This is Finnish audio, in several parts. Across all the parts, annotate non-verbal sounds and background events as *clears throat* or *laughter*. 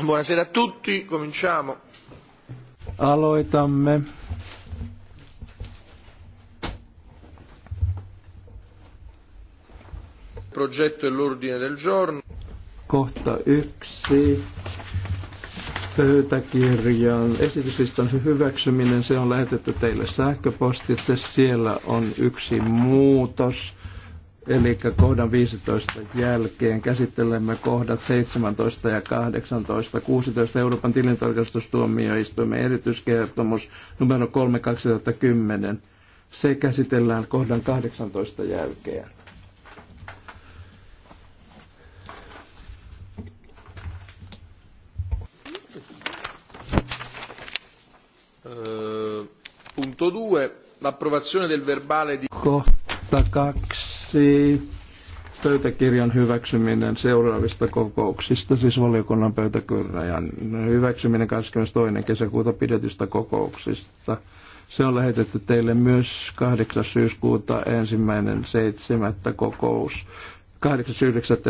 Buonasera a tutti, cominciamo. Aloitamme. Progetto e l'ordine del giorno. Kohta yksi pöytäkirjaan. esityslistan hyväksyminen, se on lähetetty teille sähköpostitse. Siellä on yksi muutos, eli kohdan 15 jälkeen käsittelemme kohdat 17 ja 18. 16 Euroopan tilintarkastustuomioistuimen erityiskertomus numero 3 2010. Se käsitellään kohdan 18 jälkeen. Eh, punto 2, l'approvazione del verbale di... Kohta kaksi, pöytäkirjan hyväksyminen seuraavista kokouksista, siis valiokunnan pöytäkirjan hyväksyminen 22. kesäkuuta pidetystä kokouksista. Se on lähetetty teille myös 8. syyskuuta ensimmäinen 7. kokous. 8.9.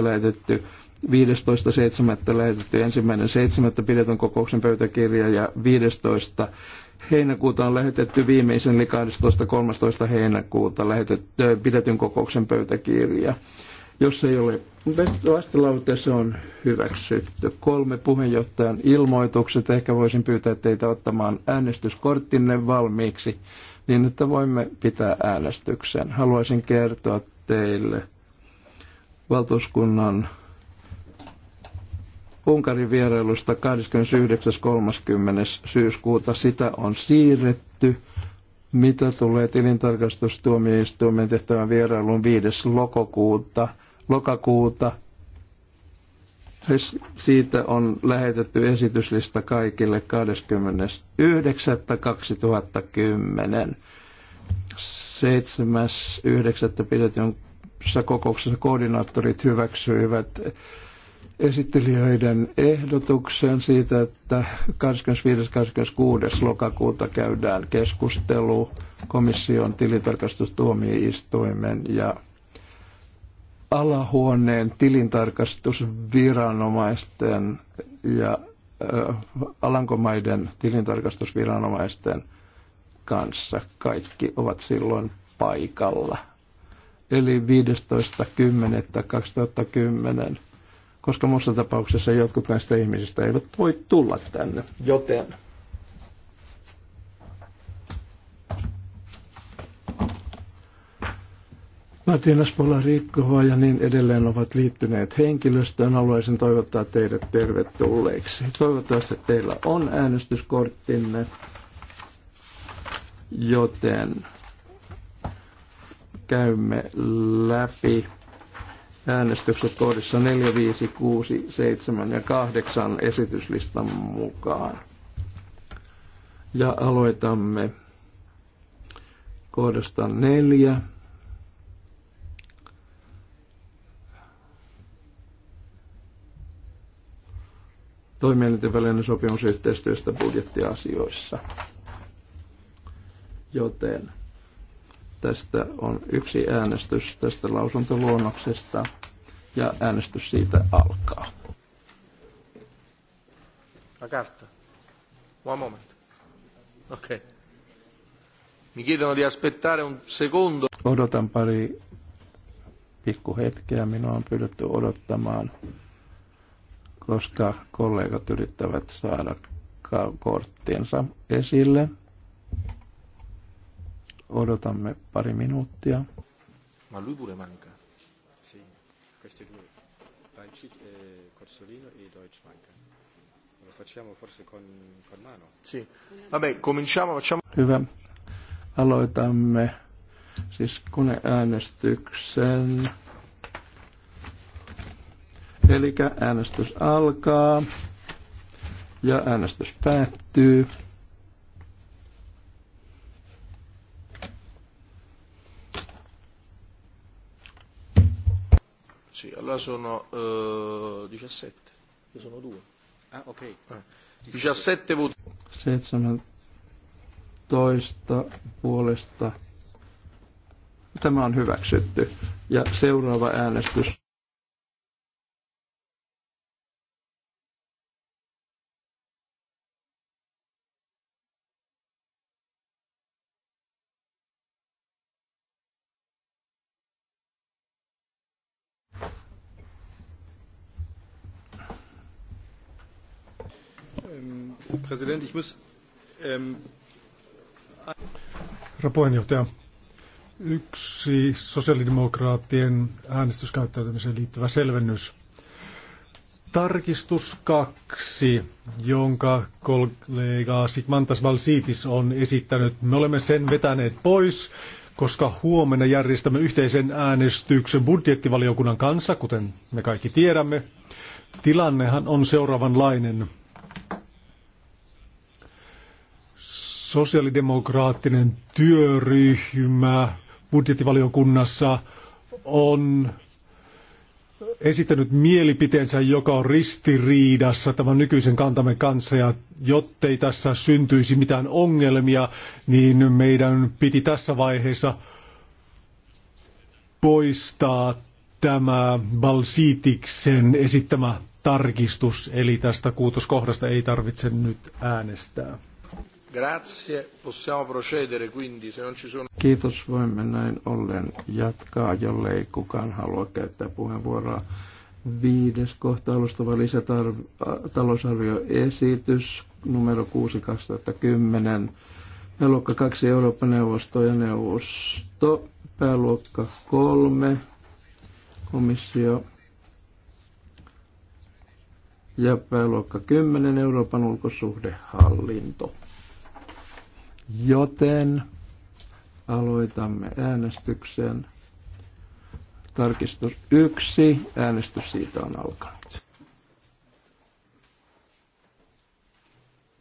lähetetty 15.7. lähetetty ensimmäinen 7. pidetyn kokouksen pöytäkirja ja 15. heinäkuuta on lähetetty viimeisen eli 12.13. heinäkuuta lähetetty, pidetyn kokouksen pöytäkirja. Jos ei ole vastalaulte, se on hyväksytty. Kolme puheenjohtajan ilmoitukset. Ehkä voisin pyytää teitä ottamaan äänestyskorttinne valmiiksi niin, että voimme pitää äänestyksen. Haluaisin kertoa teille valtuuskunnan Unkarin vierailusta 29.30. syyskuuta. Sitä on siirretty. Mitä tulee tilintarkastustuomioistuimen tehtävän vierailun 5. lokakuuta lokakuuta? Siis siitä on lähetetty esityslista kaikille 29.2010. 7.9. pidetyn kokouksessa koordinaattorit hyväksyivät esittelijöiden ehdotuksen siitä, että 25.–26. lokakuuta käydään keskustelu komission tilintarkastustuomioistuimen ja alahuoneen tilintarkastusviranomaisten ja Alankomaiden tilintarkastusviranomaisten kanssa. Kaikki ovat silloin paikalla. Eli 15.10.2010 koska muussa tapauksessa jotkut näistä ihmisistä eivät voi tulla tänne, joten Latinas Spola-Riikkova ja niin edelleen ovat liittyneet henkilöstöön. Haluaisin toivottaa teidät tervetulleeksi. Toivottavasti teillä on äänestyskorttinne, joten käymme läpi äänestykset kohdissa 4, 5, 6, 7 ja 8 esityslistan mukaan. Ja aloitamme kohdasta 4. toimielinten välinen sopimus yhteistyöstä budjettiasioissa. Joten Tästä on yksi äänestys tästä lausuntoluonnoksesta ja äänestys siitä alkaa. La One moment. Okay. Mi chiedono di aspettare un secondo. Odotan pari pikku hetkeä. Minua on pyydetty odottamaan, koska kollegat yrittävät saada korttinsa esille. Odotamme pari minuuttia. Ma lui pure manca. Sì, questi due, Pancic e eh, Corsolino e Deutsch manca. Lo facciamo forse con, con mano. Sì, vabbè, cominciamo, facciamo... Hyvä. Aloitamme siis koneäänestyksen. Eli äänestys alkaa ja äänestys päättyy. Sì, allora sono uh, eh, 17. Io sono due. Ah, ok. Eh. 17 voti. 17 puolesta. Tämä on hyväksytty. Ja seuraava äänestys. Präsident. Ich muss, ähm, Herra puheenjohtaja, yksi sosiaalidemokraattien äänestyskäyttäytymiseen liittyvä selvennys. Tarkistus kaksi, jonka kollega Sigmantas Valsiitis on esittänyt. Me olemme sen vetäneet pois, koska huomenna järjestämme yhteisen äänestyksen budjettivaliokunnan kanssa, kuten me kaikki tiedämme. Tilannehan on seuraavanlainen. sosiaalidemokraattinen työryhmä budjettivaliokunnassa on esittänyt mielipiteensä, joka on ristiriidassa tämän nykyisen kantamme kanssa. Ja jottei tässä syntyisi mitään ongelmia, niin meidän piti tässä vaiheessa poistaa tämä Balsitiksen esittämä tarkistus, eli tästä kuutoskohdasta ei tarvitse nyt äänestää. Grazie. Possiamo procedere quindi, se non ci sono... Kiitos, voimme näin ollen jatkaa, jollei kukaan halua käyttää puheenvuoroa. Viides kohta alustava lisätalousarvioesitys numero 6 2010. Pääluokka 2 eurooppa neuvosto ja neuvosto. Pääluokka 3 komissio ja pääluokka 10 Euroopan ulkosuhdehallinto. Joten aloitamme äänestyksen. Tarkistus yksi Äänestys siitä on alkanut.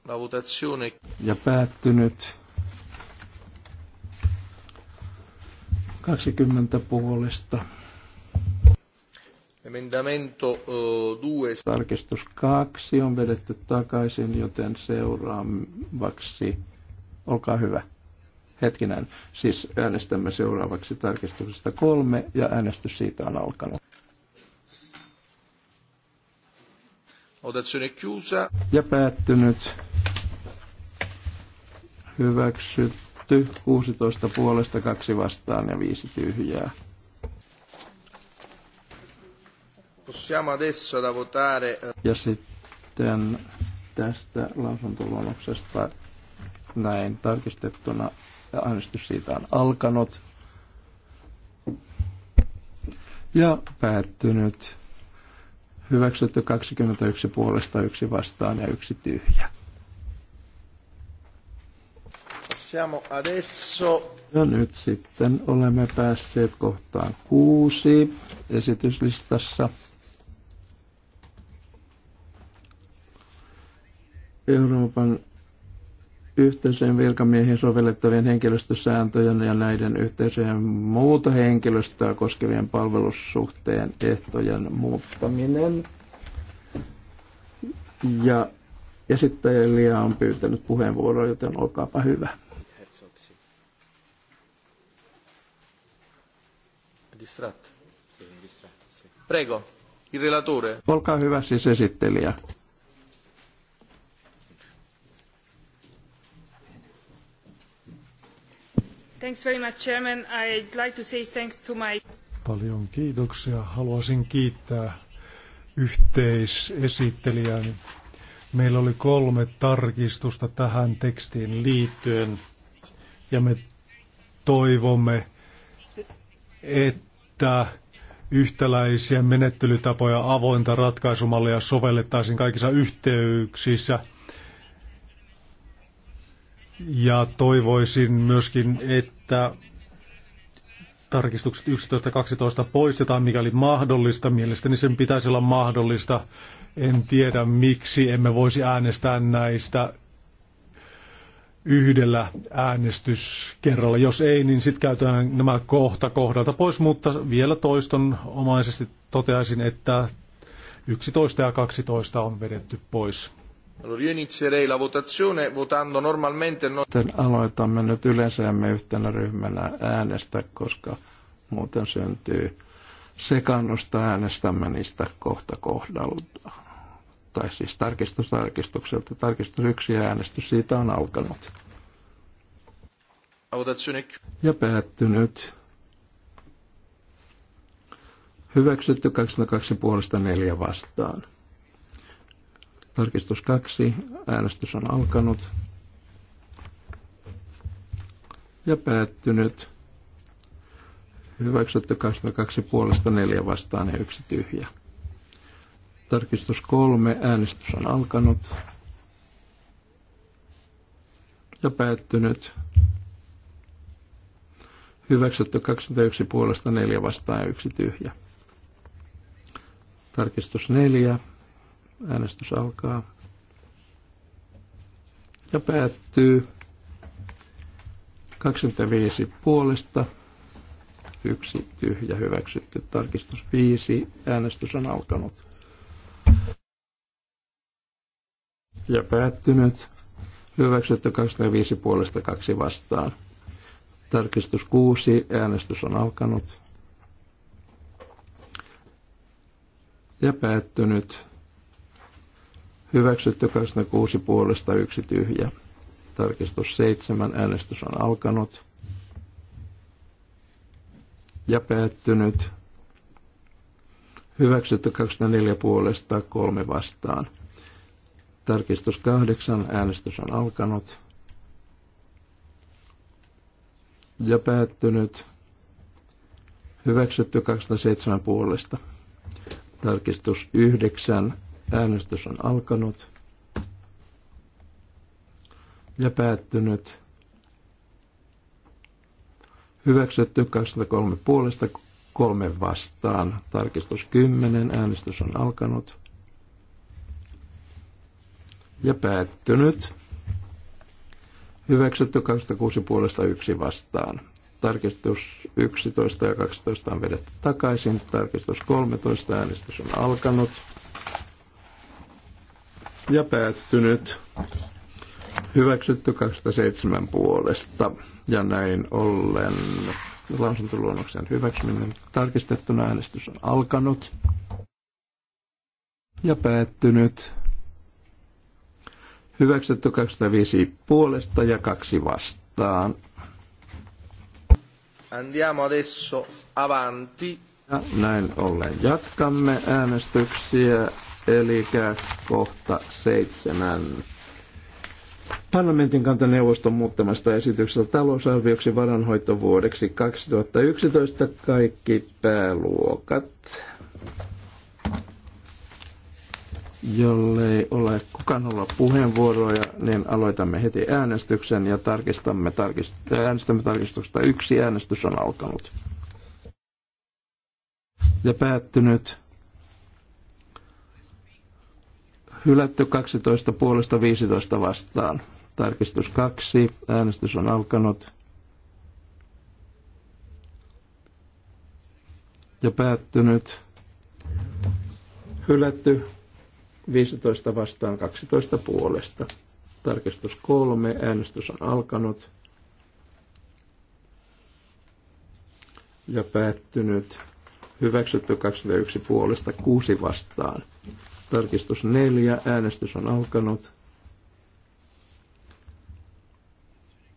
La votazione. Ja päättynyt. 20 puolesta. Emendamento 2. Eh, Tarkistus 2 on vedetty takaisin, joten seuraavaksi Olkaa hyvä. Hetkinen, siis äänestämme seuraavaksi tarkistuksesta kolme ja äänestys siitä on alkanut. Votazione chiusa. Ja päättynyt. Hyväksytty. 16 puolesta, kaksi vastaan ja viisi tyhjää. Possiamo adesso da votare. Eh. Ja sitten tästä lausuntoluonnoksesta näin tarkistettuna. Äänestys siitä on alkanut ja päättynyt. Hyväksytty 21 puolesta, yksi vastaan ja yksi tyhjä. Siamo adesso... Ja nyt sitten olemme päässeet kohtaan kuusi esityslistassa. Euroopan yhteiseen virkamiehiin sovellettavien henkilöstösääntöjen ja näiden yhteiseen muuta henkilöstöä koskevien palvelussuhteen ehtojen muuttaminen. Ja esittäjä on pyytänyt puheenvuoroa, joten olkaapa hyvä. Prego, il relatore. Olkaa hyvä siis esittelijä. Thanks very much, Chairman. I'd like to say thanks to my... Paljon kiitoksia. Haluaisin kiittää yhteisesittelijäni. Meillä oli kolme tarkistusta tähän tekstiin liittyen ja me toivomme, että yhtäläisiä menettelytapoja, avointa ratkaisumallia sovellettaisiin kaikissa yhteyksissä – ja toivoisin myöskin, että tarkistukset 11.12 poistetaan, mikäli mahdollista. Mielestäni sen pitäisi olla mahdollista. En tiedä, miksi emme voisi äänestää näistä yhdellä äänestyskerralla. Jos ei, niin sitten käytetään nämä kohta kohdalta pois, mutta vielä toiston omaisesti toteaisin, että 11 ja 12 on vedetty pois. Allora io inizierei la votazione votando normalmente... No... Aloitamme nyt yleensämme yhtenä ryhmänä äänestä, koska muuten syntyy sekannusta äänestämme niistä kohta kohdalta. Tai siis tarkistus tarkistukselta. Tarkistus yksi äänestys siitä on alkanut. Ja päättynyt. Hyväksytty 22 puolesta 4 vastaan. Tarkistus kaksi. Äänestys on alkanut. Ja päättynyt. Hyväksytty 22 puolesta 4 vastaan ja yksi tyhjä. Tarkistus kolme. Äänestys on alkanut. Ja päättynyt. Hyväksytty 21 puolesta 4 vastaan ja yksi tyhjä. Tarkistus 4. Äänestys alkaa ja päättyy 25 puolesta, yksi tyhjä hyväksytty, tarkistus 5, äänestys on alkanut ja päättynyt, hyväksytty 25 puolesta, kaksi vastaan. Tarkistus 6, äänestys on alkanut ja päättynyt Hyväksytty 26 puolesta yksi tyhjä. Tarkistus 7. Äänestys on alkanut ja päättynyt. Hyväksytty 24 puolesta kolme vastaan. Tarkistus 8. Äänestys on alkanut ja päättynyt. Hyväksytty 27 puolesta. Tarkistus 9. Äänestys on alkanut ja päättynyt. Hyväksytty 23 puolesta, kolme vastaan. Tarkistus 10. Äänestys on alkanut ja päättynyt. Hyväksytty 26 puolesta yksi vastaan. Tarkistus 11 ja 12 on vedetty takaisin. Tarkistus 13. Äänestys on alkanut ja päättynyt. Hyväksytty 207 puolesta ja näin ollen lausuntoluonnoksen hyväksyminen tarkistettuna äänestys on alkanut ja päättynyt. Hyväksytty 205 puolesta ja kaksi vastaan. Andiamo adesso avanti. Ja näin ollen jatkamme äänestyksiä eli kohta seitsemän. Parlamentin kanta neuvoston muuttamasta esityksestä talousarvioksi varanhoitovuodeksi 2011 kaikki pääluokat. Jollei ole kukaan olla puheenvuoroja, niin aloitamme heti äänestyksen ja tarkistamme tarkist- äänestämme tarkistusta. Yksi äänestys on alkanut ja päättynyt hylätty 12 puolesta 15 vastaan. Tarkistus 2. Äänestys on alkanut. Ja päättynyt. Hylätty 15 vastaan 12 puolesta. Tarkistus 3. Äänestys on alkanut. Ja päättynyt. Hyväksytty 21 puolesta 6 vastaan. Tarkistus neljä. Äänestys on alkanut.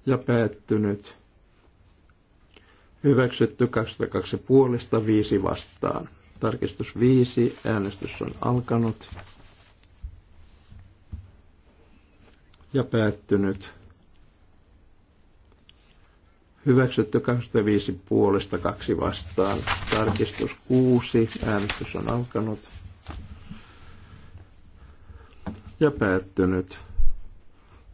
Ja päättynyt. Hyväksytty 22 puolesta 5 vastaan. Tarkistus 5. Äänestys on alkanut. Ja päättynyt. Hyväksytty 25 puolesta 2 vastaan. Tarkistus 6. Äänestys on alkanut ja päättynyt.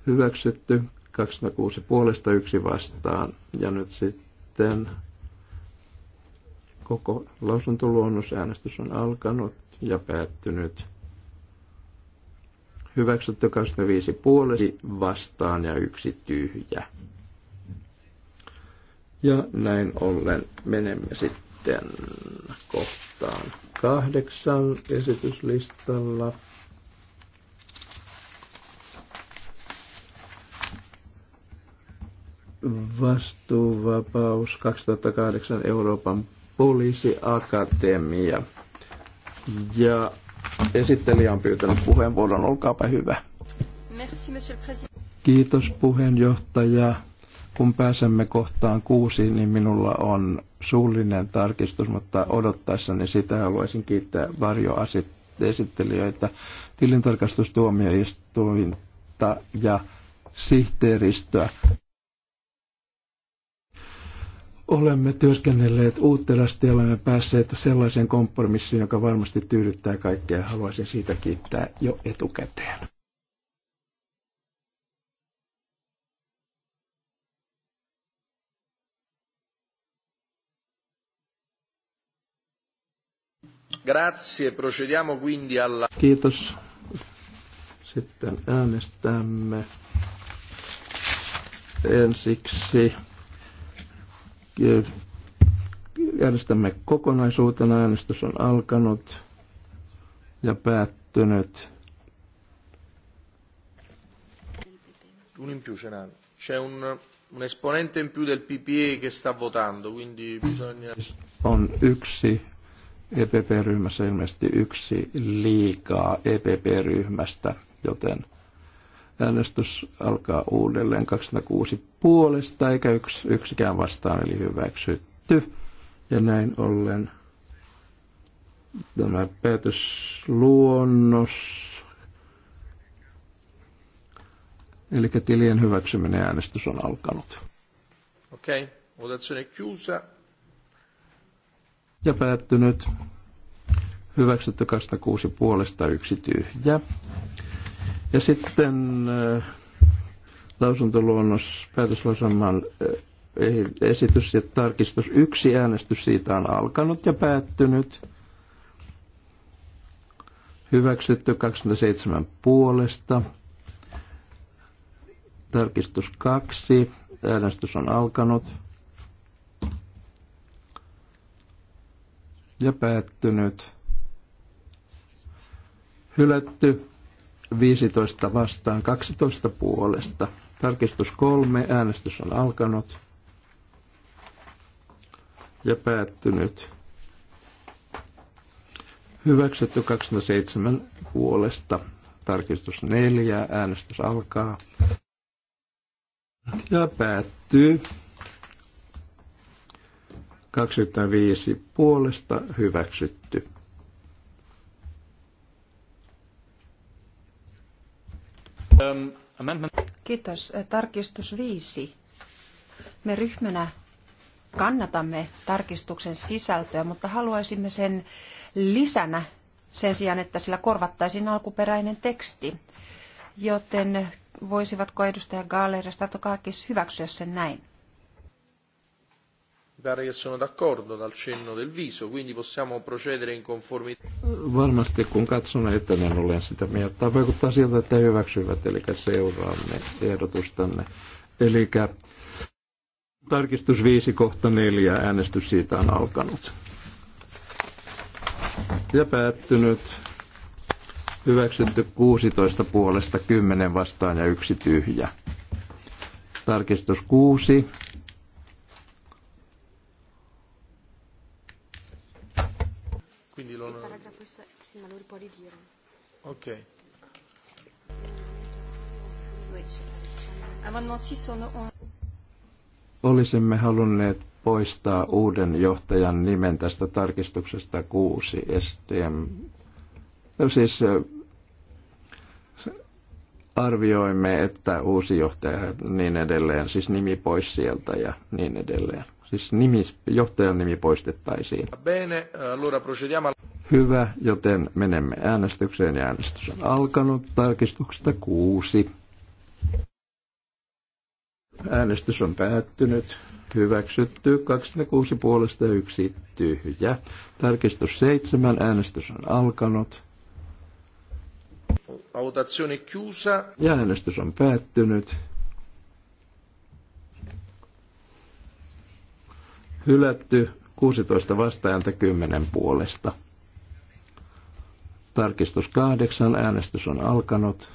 Hyväksytty 206 puolesta yksi vastaan. Ja nyt sitten koko lausuntoluonnosäänestys on alkanut ja päättynyt. Hyväksytty 25 puolesta vastaan ja yksi tyhjä. Ja näin ollen menemme sitten kohtaan kahdeksan esityslistalla. Vastuuvapaus 2008 Euroopan poliisiakatemia. Ja esittelijä on pyytänyt puheenvuoron, olkaapa hyvä. Merci, Kiitos puheenjohtaja. Kun pääsemme kohtaan kuusi, niin minulla on suullinen tarkistus, mutta odottaessani sitä haluaisin kiittää varjoesittelijöitä, tilintarkastustuomioistuinta ja sihteeristöä olemme työskennelleet uuttelasti ja olemme päässeet sellaiseen kompromissiin, joka varmasti tyydyttää kaikkea. Haluaisin siitä kiittää jo etukäteen. Grazie, procediamo quindi alla... Kiitos. Sitten äänestämme ensiksi Järjestämme kokonaisuutena. Äänestys on alkanut ja päättynyt. Un in più un, un, un esponente in più del PPE che sta votando, quindi bisogna... On yksi EPP-ryhmässä ilmeisesti yksi liikaa EPP-ryhmästä, joten Äänestys alkaa uudelleen 206 puolesta, eikä yks, yksikään vastaan, eli hyväksytty. Ja näin ollen tämä päätösluonnos, eli tilien hyväksyminen äänestys on alkanut. Okei, okay. votazione Ja päättynyt. Hyväksytty 26 puolesta yksi tyhjä. Ja sitten äh, lausuntoluonnos, päätöslauselman äh, eh, esitys ja tarkistus. Yksi äänestys siitä on alkanut ja päättynyt. Hyväksytty 27 puolesta. Tarkistus 2. Äänestys on alkanut. Ja päättynyt. Hylätty 15 vastaan 12 puolesta. Tarkistus kolme Äänestys on alkanut ja päättynyt. Hyväksytty 27 puolesta. Tarkistus 4. Äänestys alkaa ja päättyy. 25 puolesta hyväksytty. Kiitos. Tarkistus viisi. Me ryhmänä kannatamme tarkistuksen sisältöä, mutta haluaisimme sen lisänä sen sijaan, että sillä korvattaisiin alkuperäinen teksti. Joten voisivatko edustaja Gaaler ja Statokakis hyväksyä sen näin? Pare che sono d'accordo dal cenno del viso, quindi possiamo procedere in conformità. Varmasti kun katson eteneen olen sitä mieltä. Vaikuttaa siltä, että hyväksyvät, eli seuraamme ehdotustanne. Eli tarkistus 5 kohta 4, äänestys siitä on alkanut. Ja päättynyt. Hyväksytty 16 puolesta, 10 vastaan ja yksi tyhjä. Tarkistus 6 può ridire. Ok. Oh Olisimme halunneet poistaa uuden johtajan nimen tästä tarkistuksesta kuusi STM. No siis äh, arvioimme, että uusi johtaja niin edelleen, siis nimi pois sieltä ja niin edelleen. Siis nimi, johtajan nimi poistettaisiin. Bene, allora procediamo. Hyvä, joten menemme äänestykseen ja äänestys on alkanut. Tarkistuksesta kuusi. Äänestys on päättynyt. Hyväksytty 26 puolesta ja yksi tyhjä. Tarkistus 7. Äänestys on alkanut. Autazione chiusa. Ja äänestys on päättynyt. Hylätty 16 vastaajalta 10 puolesta. Tarkistus kahdeksan. Äänestys on alkanut.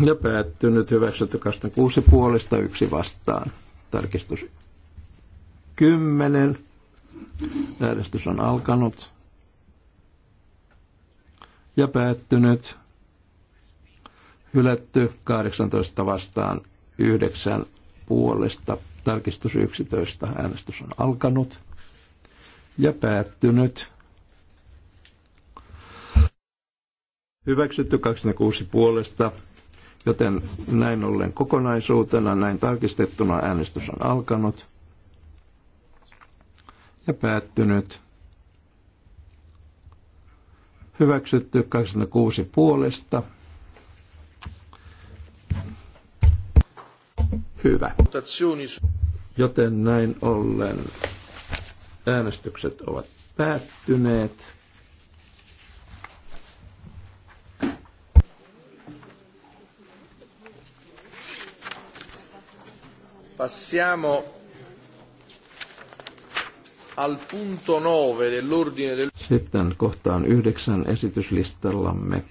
Ja päättynyt hyväksytty kuusi puolesta yksi vastaan. Tarkistus kymmenen Äänestys on alkanut. Ja päättynyt. Hylätty 18 vastaan 9 puolesta Tarkistus 11. Äänestys on alkanut ja päättynyt. Hyväksytty 26 puolesta, joten näin ollen kokonaisuutena, näin tarkistettuna äänestys on alkanut ja päättynyt. Hyväksytty 26 puolesta, hyvä. Joten näin ollen äänestykset ovat päättyneet. Passiamo al punto 9 dell'ordine del... Sitten kohtaan yhdeksän esityslistallamme.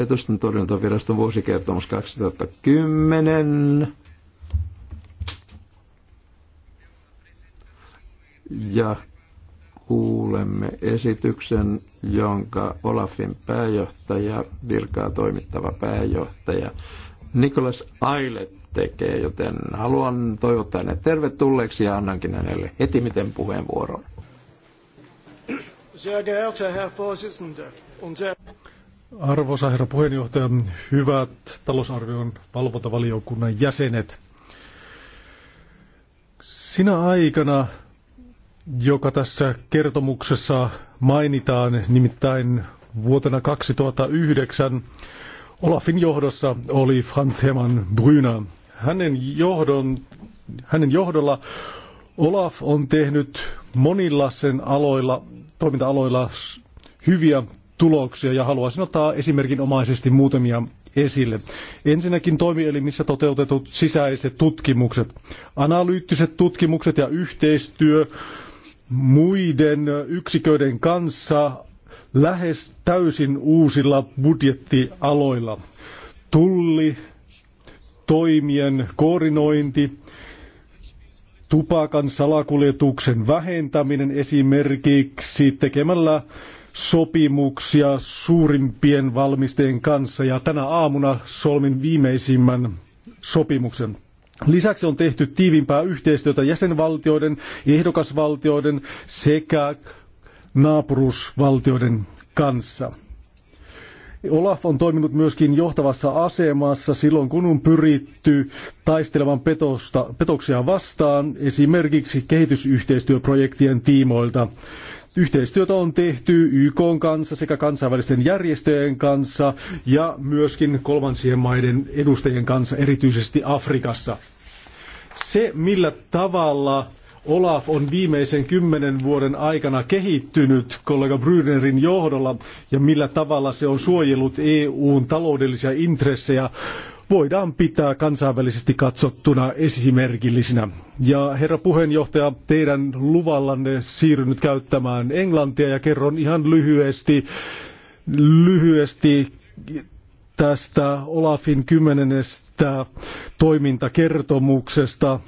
Petosten torjuntaviraston vuosikertomus 2010. Ja kuulemme esityksen, jonka Olafin pääjohtaja, virkaa toimittava pääjohtaja Nikolas Ailet tekee, joten haluan toivottaa ne. tervetulleeksi ja annankin hänelle heti miten puheenvuoron. Sehr geehrter Herr Vorsitzender, unser Arvoisa herra puheenjohtaja, hyvät talousarvion valvontavaliokunnan jäsenet. Sinä aikana, joka tässä kertomuksessa mainitaan, nimittäin vuotena 2009, Olafin johdossa oli Franz Hermann Brüner. Hänen, johdon, hänen johdolla Olaf on tehnyt monilla sen aloilla, toiminta-aloilla hyviä tuloksia ja haluaisin ottaa esimerkinomaisesti muutamia esille. Ensinnäkin toimielimissä toteutetut sisäiset tutkimukset, analyyttiset tutkimukset ja yhteistyö muiden yksiköiden kanssa lähes täysin uusilla budjettialoilla. Tulli, toimien koordinointi, tupakan salakuljetuksen vähentäminen esimerkiksi tekemällä sopimuksia suurimpien valmistajien kanssa ja tänä aamuna solmin viimeisimmän sopimuksen. Lisäksi on tehty tiivimpää yhteistyötä jäsenvaltioiden, ehdokasvaltioiden sekä naapurusvaltioiden kanssa. Olaf on toiminut myöskin johtavassa asemassa silloin, kun on pyritty taistelemaan petosta, petoksia vastaan, esimerkiksi kehitysyhteistyöprojektien tiimoilta. Yhteistyötä on tehty YK kanssa sekä kansainvälisten järjestöjen kanssa ja myöskin kolmansien maiden edustajien kanssa, erityisesti Afrikassa. Se, millä tavalla Olaf on viimeisen kymmenen vuoden aikana kehittynyt kollega Brynerin johdolla ja millä tavalla se on suojellut EUn taloudellisia intressejä voidaan pitää kansainvälisesti katsottuna esimerkillisinä. Ja herra puheenjohtaja, teidän luvallanne siirryn nyt käyttämään englantia ja kerron ihan lyhyesti, lyhyesti tästä Olafin kymmenestä toimintakertomuksesta.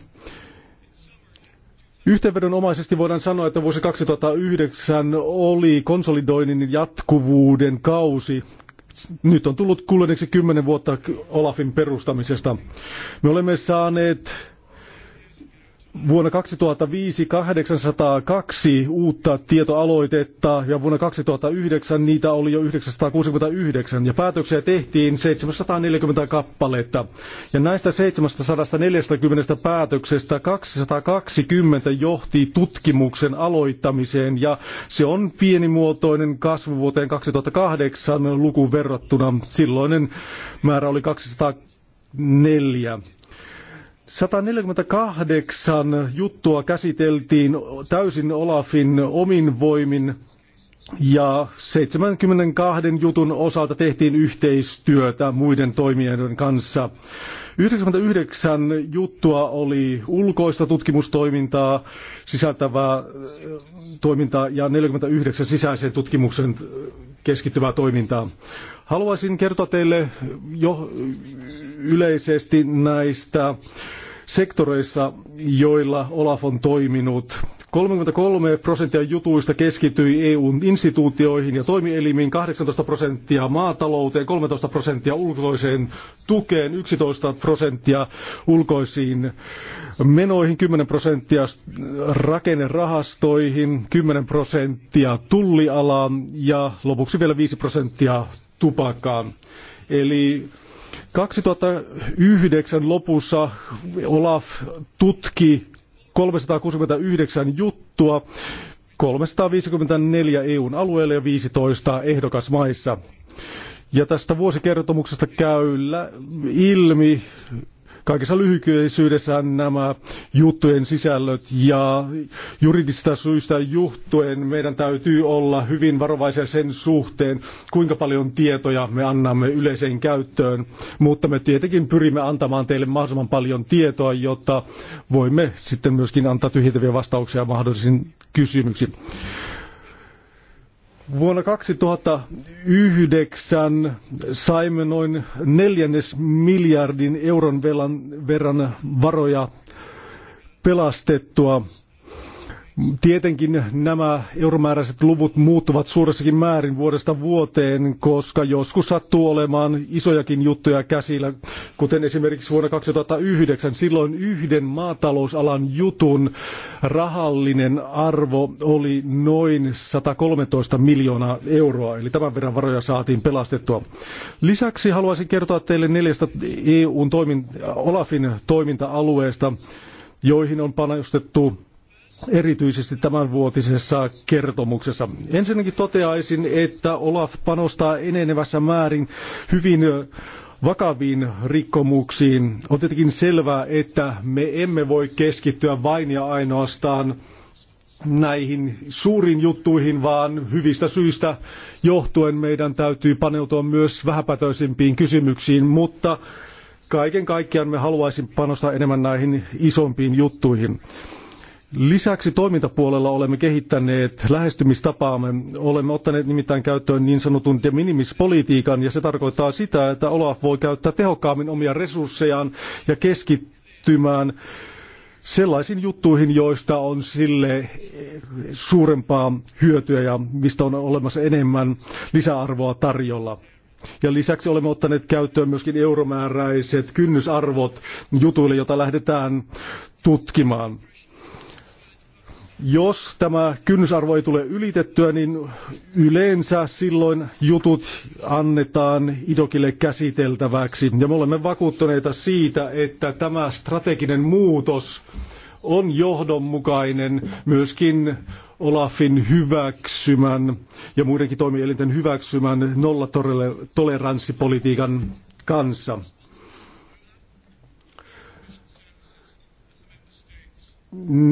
Yhteenvedonomaisesti voidaan sanoa, että vuosi 2009 oli konsolidoinnin jatkuvuuden kausi nyt on tullut kuluneeksi kymmenen vuotta Olafin perustamisesta. Me olemme saaneet Vuonna 2005 802 uutta tietoaloitetta ja vuonna 2009 niitä oli jo 969 ja päätöksiä tehtiin 740 kappaletta. Ja näistä 740 päätöksestä 220 johti tutkimuksen aloittamiseen ja se on pienimuotoinen kasvu vuoteen 2008 lukuun verrattuna. Silloinen määrä oli 204. 148 juttua käsiteltiin täysin Olafin omin voimin ja 72 jutun osalta tehtiin yhteistyötä muiden toimijoiden kanssa. 99 juttua oli ulkoista tutkimustoimintaa sisältävää eh, toimintaa ja 49 sisäiseen tutkimukseen keskittyvää toimintaa. Haluaisin kertoa teille jo yleisesti näistä sektoreissa, joilla Olaf on toiminut. 33 prosenttia jutuista keskittyi eu instituutioihin ja toimielimiin, 18 prosenttia maatalouteen, 13 prosenttia ulkoiseen tukeen, 11 prosenttia ulkoisiin menoihin, 10 prosenttia rakennerahastoihin, 10 prosenttia tullialaan ja lopuksi vielä 5 prosenttia tupakkaan. Eli 2009 lopussa Olaf tutki 369 juttua 354 EUn alueelle ja 15 ehdokasmaissa. Ja tästä vuosikertomuksesta käy ilmi Kaikessa lyhykyisyydessään nämä juttujen sisällöt ja juridista syistä juhtuen meidän täytyy olla hyvin varovaisia sen suhteen, kuinka paljon tietoja me annamme yleiseen käyttöön, mutta me tietenkin pyrimme antamaan teille mahdollisimman paljon tietoa, jotta voimme sitten myöskin antaa tyhjentäviä vastauksia mahdollisiin kysymyksiin. Vuonna 2009 saimme noin neljännes miljardin euron velan verran varoja pelastettua Tietenkin nämä euromääräiset luvut muuttuvat suuressakin määrin vuodesta vuoteen, koska joskus sattuu olemaan isojakin juttuja käsillä, kuten esimerkiksi vuonna 2009. Silloin yhden maatalousalan jutun rahallinen arvo oli noin 113 miljoonaa euroa, eli tämän verran varoja saatiin pelastettua. Lisäksi haluaisin kertoa teille neljästä EUn toimin, Olafin toiminta-alueesta, joihin on panostettu erityisesti tämänvuotisessa kertomuksessa. Ensinnäkin toteaisin, että Olaf panostaa enenevässä määrin hyvin vakaviin rikkomuksiin. On tietenkin selvää, että me emme voi keskittyä vain ja ainoastaan näihin suuriin juttuihin, vaan hyvistä syistä johtuen meidän täytyy paneutua myös vähäpätöisempiin kysymyksiin, mutta kaiken kaikkiaan me haluaisin panostaa enemmän näihin isompiin juttuihin. Lisäksi toimintapuolella olemme kehittäneet lähestymistapaamme. Olemme ottaneet nimittäin käyttöön niin sanotun de minimis politiikan ja se tarkoittaa sitä, että Olaf voi käyttää tehokkaammin omia resurssejaan ja keskittymään sellaisiin juttuihin, joista on sille suurempaa hyötyä ja mistä on olemassa enemmän lisäarvoa tarjolla. Ja lisäksi olemme ottaneet käyttöön myöskin euromääräiset kynnysarvot jutuille, joita lähdetään tutkimaan. Jos tämä kynnysarvo ei tule ylitettyä, niin yleensä silloin jutut annetaan idokille käsiteltäväksi. Ja me olemme vakuuttuneita siitä, että tämä strateginen muutos on johdonmukainen myöskin Olafin hyväksymän ja muidenkin toimielinten hyväksymän nollatoleranssipolitiikan kanssa.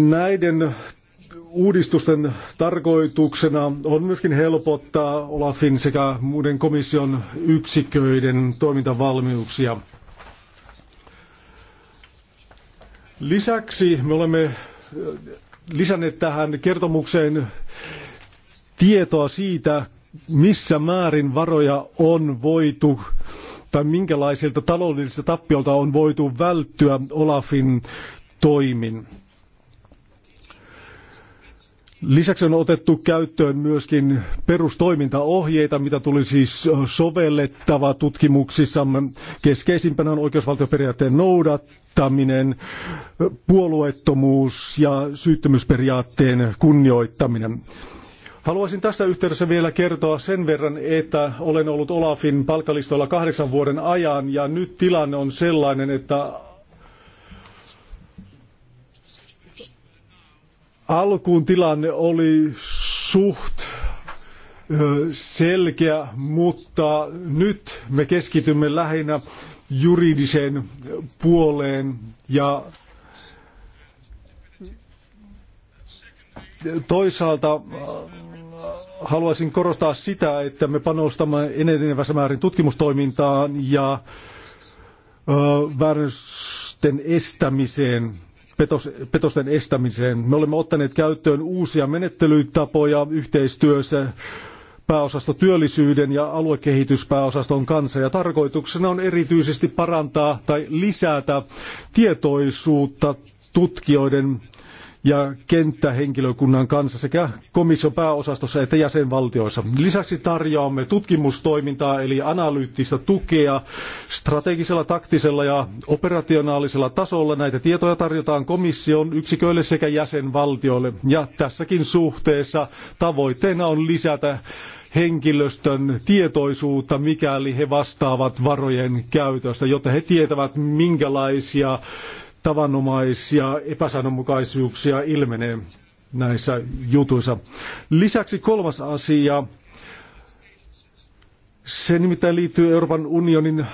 Näiden uudistusten tarkoituksena on myöskin helpottaa Olafin sekä muiden komission yksiköiden toimintavalmiuksia. Lisäksi me olemme äh, lisänneet tähän kertomukseen tietoa siitä, missä määrin varoja on voitu tai minkälaisilta taloudellisilta tappioilta on voitu välttyä Olafin toimin. Lisäksi on otettu käyttöön myöskin perustoimintaohjeita, mitä tuli siis sovellettava tutkimuksissamme. Keskeisimpänä on oikeusvaltioperiaatteen noudattaminen, puolueettomuus ja syyttömyysperiaatteen kunnioittaminen. Haluaisin tässä yhteydessä vielä kertoa sen verran, että olen ollut Olafin palkkalistoilla kahdeksan vuoden ajan ja nyt tilanne on sellainen, että Alkuun tilanne oli suht selkeä, mutta nyt me keskitymme lähinnä juridiseen puoleen ja toisaalta haluaisin korostaa sitä, että me panostamme enenevässä määrin tutkimustoimintaan ja väärännysten estämiseen – petos, petosten estämiseen. Me olemme ottaneet käyttöön uusia menettelytapoja yhteistyössä pääosasto työllisyyden ja aluekehityspääosaston kanssa. Ja tarkoituksena on erityisesti parantaa tai lisätä tietoisuutta tutkijoiden ja kenttähenkilökunnan kanssa sekä komission pääosastossa että jäsenvaltioissa. Lisäksi tarjoamme tutkimustoimintaa eli analyyttistä tukea strategisella, taktisella ja operationaalisella tasolla. Näitä tietoja tarjotaan komission yksiköille sekä jäsenvaltioille ja tässäkin suhteessa tavoitteena on lisätä henkilöstön tietoisuutta, mikäli he vastaavat varojen käytöstä, jotta he tietävät minkälaisia tavanomaisia epäsäännönmukaisuuksia ilmenee näissä jutuissa. Lisäksi kolmas asia, se nimittäin liittyy Euroopan unionin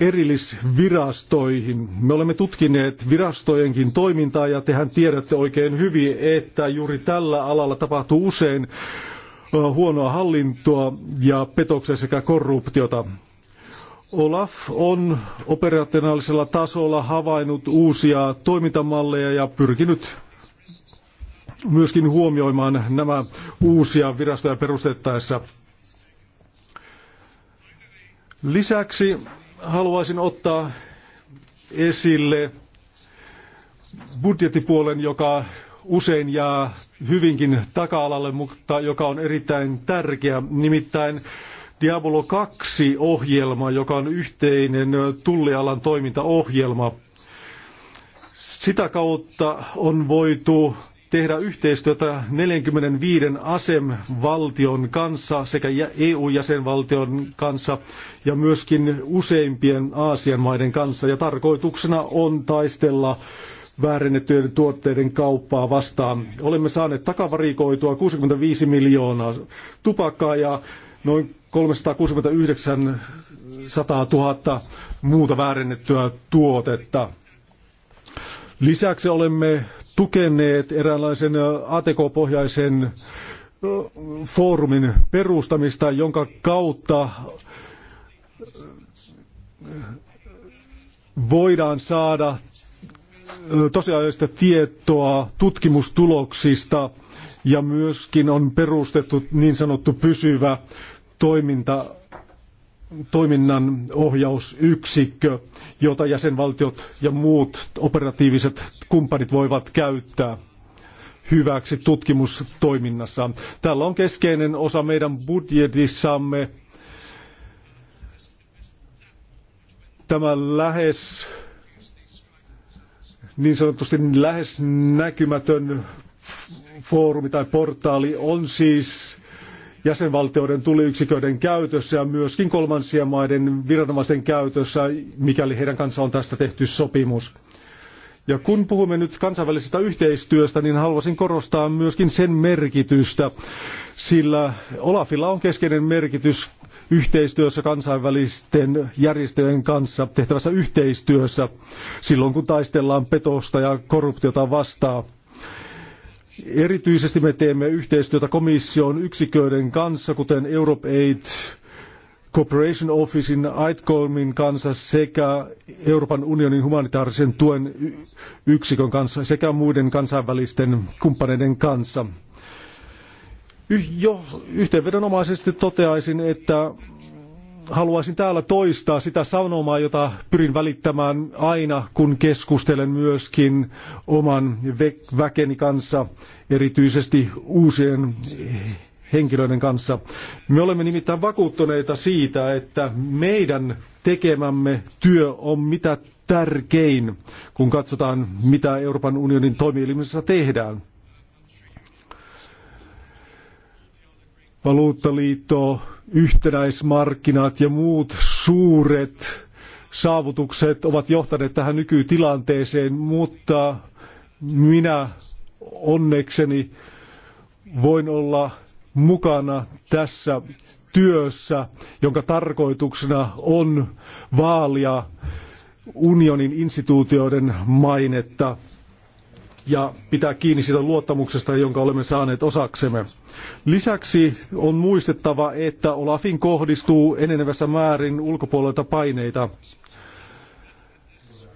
erillisvirastoihin. Me olemme tutkineet virastojenkin toimintaa ja tehän tiedätte oikein hyvin, että juuri tällä alalla tapahtuu usein huonoa hallintoa ja petoksia sekä korruptiota. Olaf on operationaalisella tasolla havainnut uusia toimintamalleja ja pyrkinyt myöskin huomioimaan nämä uusia virastoja perustettaessa. Lisäksi haluaisin ottaa esille budjettipuolen, joka usein jää hyvinkin taka-alalle, mutta joka on erittäin tärkeä. Nimittäin Diablo 2-ohjelma, joka on yhteinen tullialan toimintaohjelma. Sitä kautta on voitu tehdä yhteistyötä 45 asemvaltion kanssa sekä EU-jäsenvaltion kanssa ja myöskin useimpien Aasian maiden kanssa. Ja tarkoituksena on taistella väärennettyjen tuotteiden kauppaa vastaan. Olemme saaneet takavarikoitua 65 miljoonaa tupakkaa ja noin 369 100 000 muuta väärennettyä tuotetta. Lisäksi olemme tukeneet eräänlaisen ATK-pohjaisen foorumin perustamista, jonka kautta voidaan saada tosiasiallista tietoa tutkimustuloksista ja myöskin on perustettu niin sanottu pysyvä toiminta, toiminnan ohjausyksikkö, jota jäsenvaltiot ja muut operatiiviset kumppanit voivat käyttää hyväksi tutkimustoiminnassa. Tällä on keskeinen osa meidän budjetissamme. Tämä lähes niin sanotusti lähes näkymätön foorumi tai portaali on siis jäsenvaltioiden tuliyksiköiden käytössä ja myöskin kolmansien maiden viranomaisten käytössä, mikäli heidän kanssa on tästä tehty sopimus. Ja kun puhumme nyt kansainvälisestä yhteistyöstä, niin haluaisin korostaa myöskin sen merkitystä, sillä Olafilla on keskeinen merkitys yhteistyössä kansainvälisten järjestöjen kanssa tehtävässä yhteistyössä silloin, kun taistellaan petosta ja korruptiota vastaan. Erityisesti me teemme yhteistyötä komission yksiköiden kanssa, kuten Europeaid Cooperation Officein, ITCOMin kanssa sekä Euroopan unionin humanitaarisen tuen yksikön kanssa sekä muiden kansainvälisten kumppaneiden kanssa. Y- jo yhteenvedonomaisesti toteaisin, että haluaisin täällä toistaa sitä sanomaa, jota pyrin välittämään aina, kun keskustelen myöskin oman väkeni kanssa, erityisesti uusien henkilöiden kanssa. Me olemme nimittäin vakuuttuneita siitä, että meidän tekemämme työ on mitä tärkein, kun katsotaan, mitä Euroopan unionin toimielimissä tehdään. Valuuttaliitto, yhtenäismarkkinat ja muut suuret saavutukset ovat johtaneet tähän nykytilanteeseen, mutta minä onnekseni voin olla mukana tässä työssä, jonka tarkoituksena on vaalia unionin instituutioiden mainetta ja pitää kiinni siitä luottamuksesta, jonka olemme saaneet osaksemme. Lisäksi on muistettava, että Olafin kohdistuu enenevässä määrin ulkopuolelta paineita.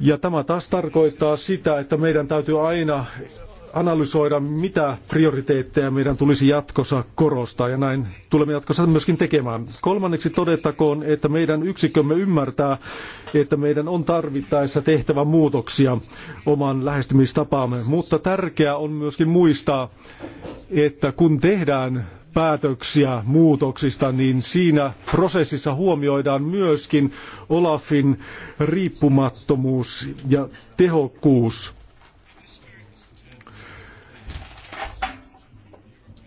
Ja tämä taas tarkoittaa sitä, että meidän täytyy aina analysoida, mitä prioriteetteja meidän tulisi jatkossa korostaa ja näin tulemme jatkossa myöskin tekemään. Kolmanneksi todettakoon, että meidän yksikkömme ymmärtää, että meidän on tarvittaessa tehtävä muutoksia oman lähestymistapaamme, mutta tärkeää on myöskin muistaa, että kun tehdään päätöksiä muutoksista, niin siinä prosessissa huomioidaan myöskin Olafin riippumattomuus ja tehokkuus.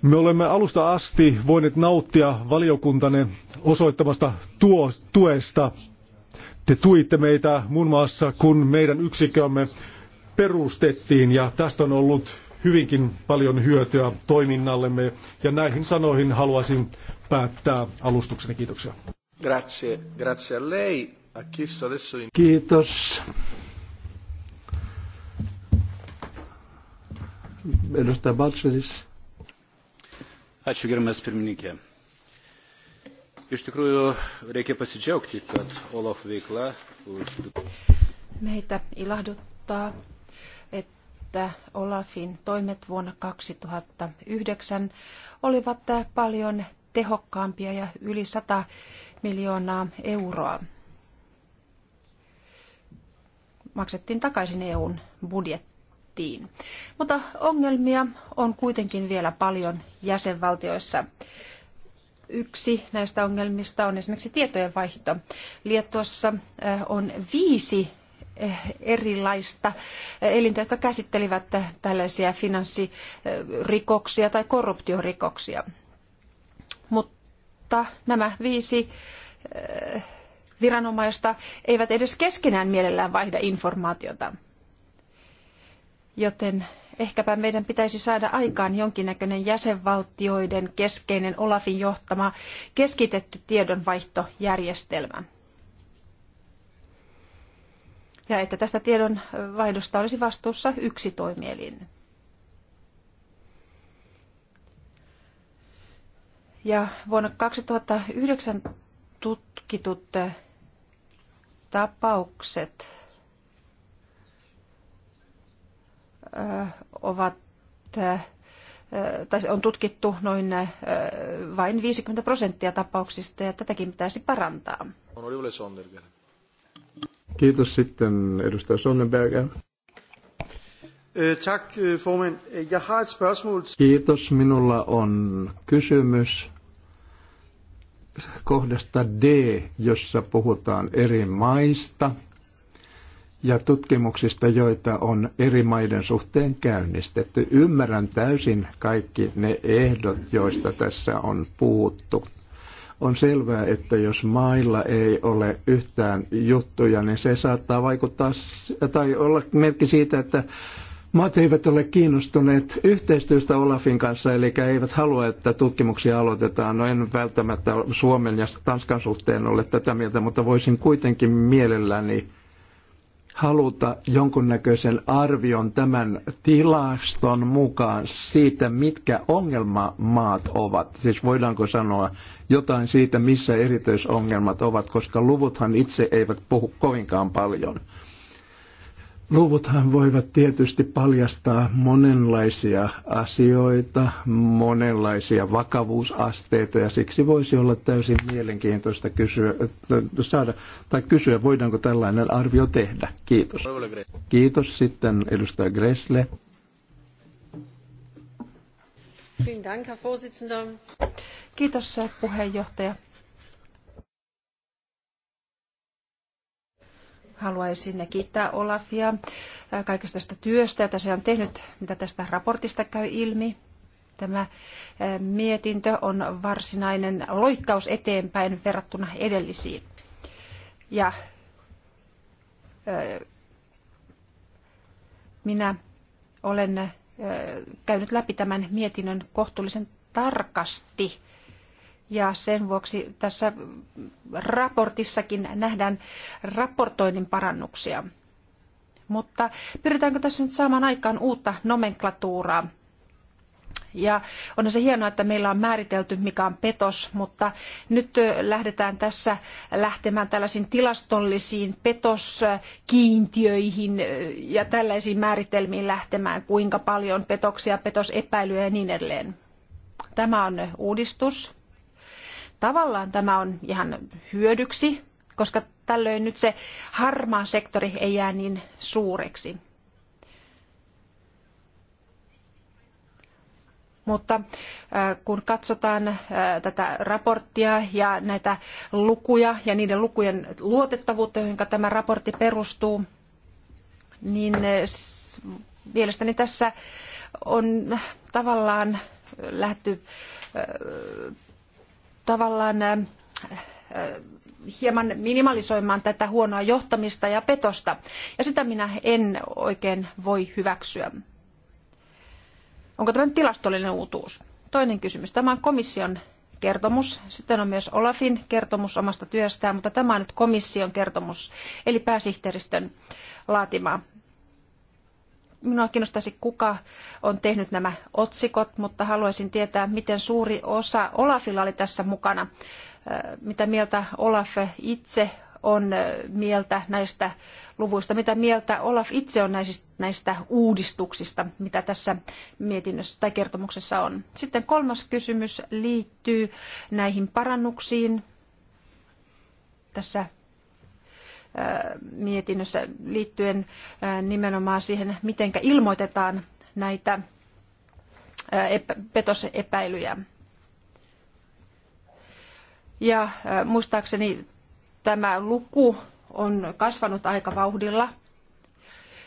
Me olemme alusta asti voineet nauttia valiokuntanne osoittamasta tuo, tuesta. Te tuitte meitä muun muassa, kun meidän yksikömme perustettiin ja tästä on ollut hyvinkin paljon hyötyä toiminnallemme. Ja näihin sanoihin haluaisin päättää alustukseni. Kiitoksia. Grazie, grazie a lei. A in... Kiitos. Edustaja Balselis. Ačiū Iš tikrųjų, reikia pasidžiaugti, kad Olaf veikla už... Meitä ilahduttaa, että Olafin toimet vuonna 2009 olivat paljon tehokkaampia ja yli 100 miljoonaa euroa maksettiin takaisin EUn budjettiin tehtiin. Mutta ongelmia on kuitenkin vielä paljon jäsenvaltioissa. Yksi näistä ongelmista on esimerkiksi tietojenvaihto. Liettuossa eh, on viisi eh, erilaista eh, elintä, jotka käsittelivät tällaisia finanssirikoksia tai korruptiorikoksia. Mutta nämä viisi viranomaista eivät edes keskenään mielellään vaihda informaatiota. Joten ehkäpä meidän pitäisi saada aikaan jonkinnäköinen jäsenvaltioiden keskeinen Olafin johtama keskitetty tiedonvaihtojärjestelmä. Ja että tästä tiedonvaihdosta olisi vastuussa yksi toimielin. Ja vuonna 2009 tutkitut tapaukset ovat tai on tutkittu noin vain 50 prosenttia tapauksista ja tätäkin pitäisi parantaa. Kiitos sitten edustaja Sonnenberger. har Kiitos. Minulla on kysymys kohdasta D, jossa puhutaan eri maista – ja tutkimuksista, joita on eri maiden suhteen käynnistetty. Ymmärrän täysin kaikki ne ehdot, joista tässä on puhuttu. On selvää, että jos mailla ei ole yhtään juttuja, niin se saattaa vaikuttaa tai olla merkki siitä, että Maat eivät ole kiinnostuneet yhteistyöstä Olafin kanssa, eli eivät halua, että tutkimuksia aloitetaan. No en välttämättä Suomen ja Tanskan suhteen ole tätä mieltä, mutta voisin kuitenkin mielelläni haluta jonkunnäköisen arvion tämän tilaston mukaan siitä, mitkä ongelmamaat ovat. Siis voidaanko sanoa jotain siitä, missä erityisongelmat ovat, koska luvuthan itse eivät puhu kovinkaan paljon – Luvuthan voivat tietysti paljastaa monenlaisia asioita, monenlaisia vakavuusasteita ja siksi voisi olla täysin mielenkiintoista kysyä, saada, tai kysyä, voidaanko tällainen arvio tehdä. Kiitos. Kiitos sitten edustaja Gressle. Kiitos puheenjohtaja. Haluaisin kiittää Olafia äh, kaikesta tästä työstä, jota se on tehnyt, mitä tästä raportista käy ilmi. Tämä äh, mietintö on varsinainen loikkaus eteenpäin verrattuna edellisiin. Ja äh, minä olen käynyt läpi tämän mietinnön kohtuullisen tarkasti ja sen vuoksi tässä raportissakin nähdään raportoinnin parannuksia. Mutta pyritäänkö tässä nyt saamaan aikaan uutta nomenklatuuraa? Ja on se hienoa, että meillä on määritelty, mikä on petos, mutta nyt lähdetään tässä lähtemään tällaisiin tilastollisiin petoskiintiöihin ja tällaisiin määritelmiin lähtemään, kuinka paljon petoksia, petosepäilyjä ja niin edelleen. Tämä on uudistus Tavallaan tämä on ihan hyödyksi, koska tällöin nyt se harmaa sektori ei jää niin suureksi. Mutta kun katsotaan tätä raporttia ja näitä lukuja ja niiden lukujen luotettavuutta, joihin tämä raportti perustuu, niin mielestäni tässä on tavallaan lähty tavallaan äh, äh, hieman minimalisoimaan tätä huonoa johtamista ja petosta. Ja sitä minä en oikein voi hyväksyä. Onko tämä tilastollinen uutuus? Toinen kysymys. Tämä on komission kertomus. Sitten on myös Olafin kertomus omasta työstään, mutta tämä on nyt komission kertomus, eli pääsihteeristön laatima minua kiinnostaisi, kuka on tehnyt nämä otsikot, mutta haluaisin tietää, miten suuri osa Olafilla oli tässä mukana. Mitä mieltä Olaf itse on mieltä näistä luvuista? Mitä mieltä Olaf itse on näistä, uudistuksista, mitä tässä mietinnössä tai kertomuksessa on? Sitten kolmas kysymys liittyy näihin parannuksiin tässä mietinnössä liittyen nimenomaan siihen, miten ilmoitetaan näitä petosepäilyjä. Ja muistaakseni tämä luku on kasvanut aika vauhdilla –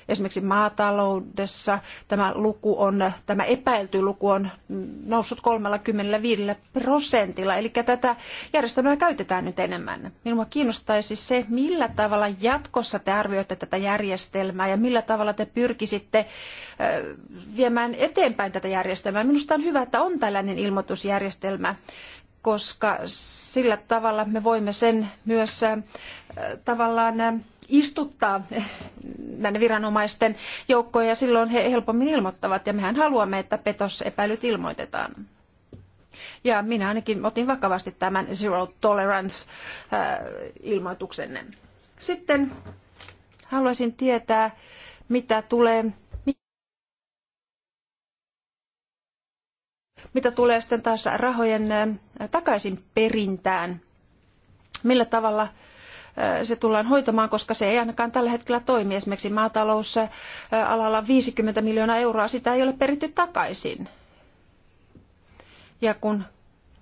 Esimerkiksi maataloudessa tämä, luku on, tämä epäilty luku on noussut 35 prosentilla, eli tätä järjestelmää käytetään nyt enemmän. Minua kiinnostaisi se, millä tavalla jatkossa te arvioitte tätä järjestelmää ja millä tavalla te pyrkisitte viemään eteenpäin tätä järjestelmää. Minusta on hyvä, että on tällainen ilmoitusjärjestelmä koska sillä tavalla me voimme sen myös tavallaan istuttaa näiden viranomaisten joukkoja, ja silloin he helpommin ilmoittavat ja mehän haluamme, että petosepäilyt ilmoitetaan. Ja minä ainakin otin vakavasti tämän Zero Tolerance-ilmoituksenne. Äh, sitten haluaisin tietää, mitä tulee Mitä tulee sitten taas rahojen äh, takaisin perintään, millä tavalla se tullaan hoitamaan, koska se ei ainakaan tällä hetkellä toimi. Esimerkiksi maatalousalalla 50 miljoonaa euroa, sitä ei ole peritty takaisin. Ja kun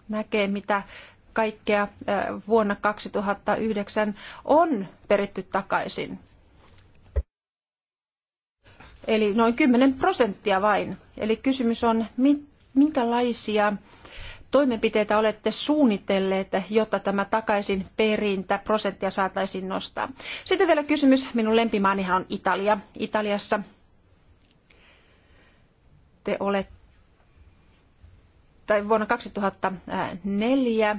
näkee, mitä kaikkea vuonna 2009 on peritty takaisin. Eli noin 10 prosenttia vain. Eli kysymys on, minkälaisia toimenpiteitä olette suunnitelleet, jotta tämä takaisin perintä prosenttia saataisiin nostaa? Sitten vielä kysymys. Minun lempimaanihan on Italia. Italiassa te olette tai vuonna 2004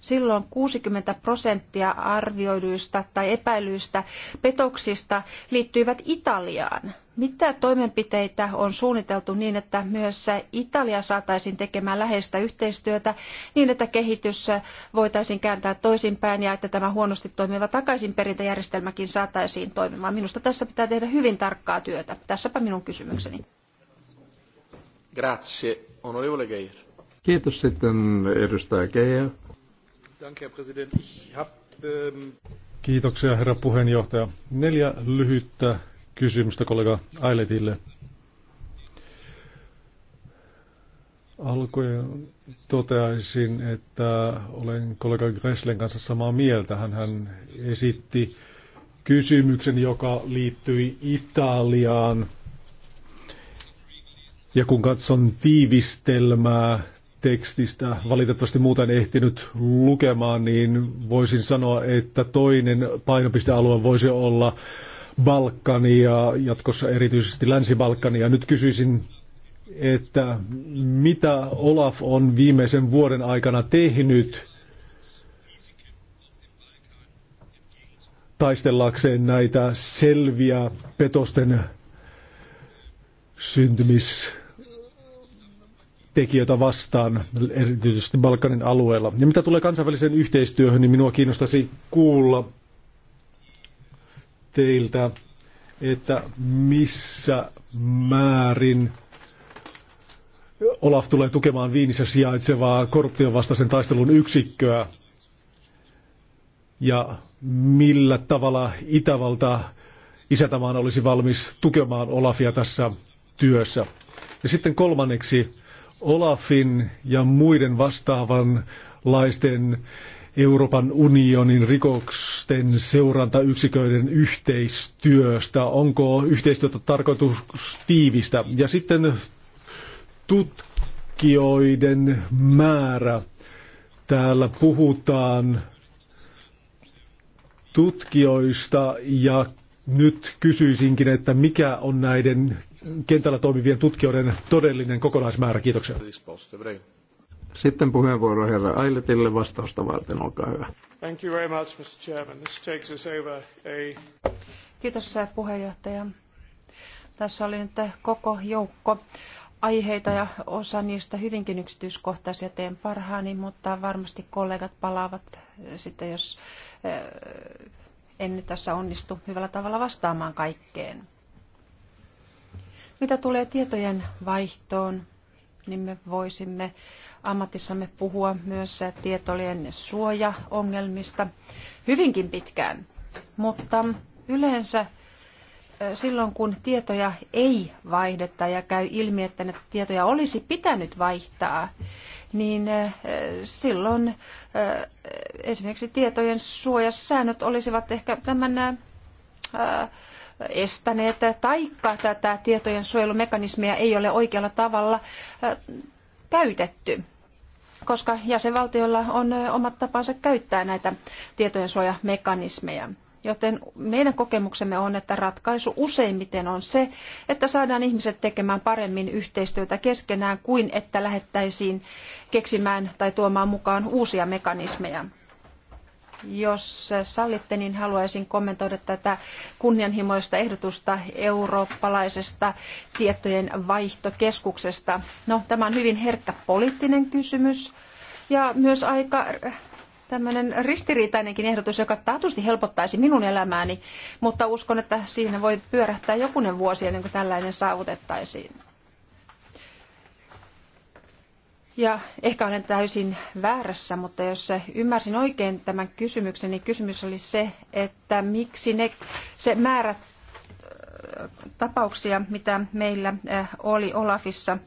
silloin 60 prosenttia arvioiduista tai epäilyistä petoksista liittyivät Italiaan. Mitä toimenpiteitä on suunniteltu niin, että myös Italia saataisiin tekemään läheistä yhteistyötä niin, että kehitys voitaisiin kääntää toisinpäin ja että tämä huonosti toimiva takaisinperintäjärjestelmäkin saataisiin toimimaan? Minusta tässä pitää tehdä hyvin tarkkaa työtä. Tässäpä minun kysymykseni. Grazie. Onorevole Kiitos sitten edustaja Geijer. Danke, Herr Ich hab, ähm... Kiitoksia, herra puheenjohtaja. Neljä lyhyttä kysymystä kollega Ailetille. Alkuun toteaisin, että olen kollega Gresslen kanssa samaa mieltä. Hän, hän esitti kysymyksen, joka liittyi Italiaan. Ja kun katson tiivistelmää tekstistä, valitettavasti muuta en ehtinyt lukemaan, niin voisin sanoa, että toinen painopistealue voisi olla äh, Balkania, jatkossa erityisesti Länsi-Balkania. Nyt kysyisin, että mitä Olaf on viimeisen vuoden aikana tehnyt taistellakseen näitä selviä petosten syntymis tekijöitä vastaan, erityisesti Balkanin alueella. Ja mitä tulee kansainväliseen yhteistyöhön, niin minua kiinnostaisi kuulla teiltä, että missä määrin Olaf tulee tukemaan Viinissä sijaitsevaa korruptionvastaisen taistelun yksikköä ja millä tavalla Itävalta isätamaan olisi valmis tukemaan Olafia tässä työssä. Ja sitten kolmanneksi Olafin ja muiden vastaavanlaisten Euroopan unionin rikosten seurantayksiköiden yhteistyöstä. Onko yhteistyötä tarkoitus tiivistä? Ja sitten tutkijoiden määrä. Täällä puhutaan tutkijoista ja nyt kysyisinkin, että mikä on näiden kentällä toimivien tutkijoiden todellinen kokonaismäärä. Kiitoksia. Sitten puheenvuoro herra Ailetille vastausta varten, olkaa hyvä. Thank you very much, Mr. Chairman. This takes us over a... Kiitos puheenjohtaja. Tässä oli nyt koko joukko aiheita ja osa niistä hyvinkin yksityiskohtaisia teen parhaani, mutta varmasti kollegat palaavat sitten, jos eh, en nyt tässä onnistu hyvällä tavalla vastaamaan kaikkeen. Mitä tulee tietojen vaihtoon, niin me voisimme ammatissamme puhua myös tietolien suojaongelmista hyvinkin pitkään. Mutta yleensä silloin, kun tietoja ei vaihdeta ja käy ilmi, että ne tietoja olisi pitänyt vaihtaa, niin silloin esimerkiksi tietojen suojasäännöt olisivat ehkä tämän estäneet, taikka tätä tietojen suojelumekanismia ei ole oikealla tavalla käytetty koska jäsenvaltioilla on omat tapansa käyttää näitä tietojen suojamekanismeja. Joten meidän kokemuksemme on, että ratkaisu useimmiten on se, että saadaan ihmiset tekemään paremmin yhteistyötä keskenään kuin että lähettäisiin keksimään tai tuomaan mukaan uusia mekanismeja. Jos sallitte, niin haluaisin kommentoida tätä kunnianhimoista ehdotusta eurooppalaisesta tietojen vaihtokeskuksesta. No, tämä on hyvin herkkä poliittinen kysymys ja myös aika äh, tämmöinen ristiriitainenkin ehdotus, joka taatusti helpottaisi minun elämääni, mutta uskon, että siinä voi pyörähtää jokunen vuosi ennen kuin tällainen saavutettaisiin. Ja ehkä olen täysin väärässä, mutta jos ymmärsin oikein tämän kysymyksen, niin kysymys oli se, että miksi ne, se määrä äh, tapauksia, mitä meillä äh, oli Olafissa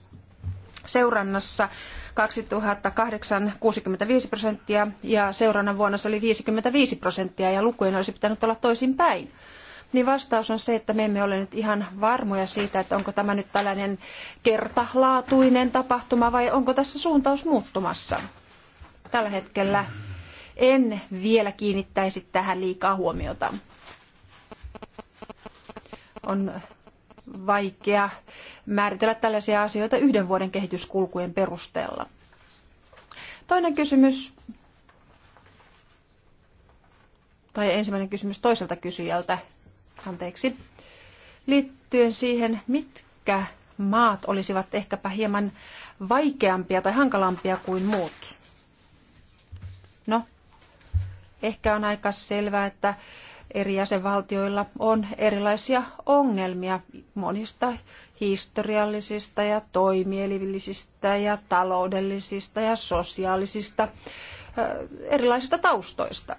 seurannassa 2008 65 prosenttia ja seurannan vuonna se oli 55 prosenttia ja lukujen olisi pitänyt olla toisinpäin. päin niin vastaus on se, että me emme ole nyt ihan varmoja siitä, että onko tämä nyt tällainen kertalaatuinen tapahtuma vai onko tässä suuntaus muuttumassa. Tällä hetkellä en vielä kiinnittäisi tähän liikaa huomiota. On vaikea määritellä tällaisia asioita yhden vuoden kehityskulkujen perusteella. Toinen kysymys, tai ensimmäinen kysymys toiselta kysyjältä anteeksi, liittyen siihen, mitkä maat olisivat ehkäpä hieman vaikeampia tai hankalampia kuin muut. No, ehkä on aika selvää, että eri jäsenvaltioilla on erilaisia ongelmia monista historiallisista ja toimielivillisistä ja taloudellisista ja sosiaalisista erilaisista taustoista.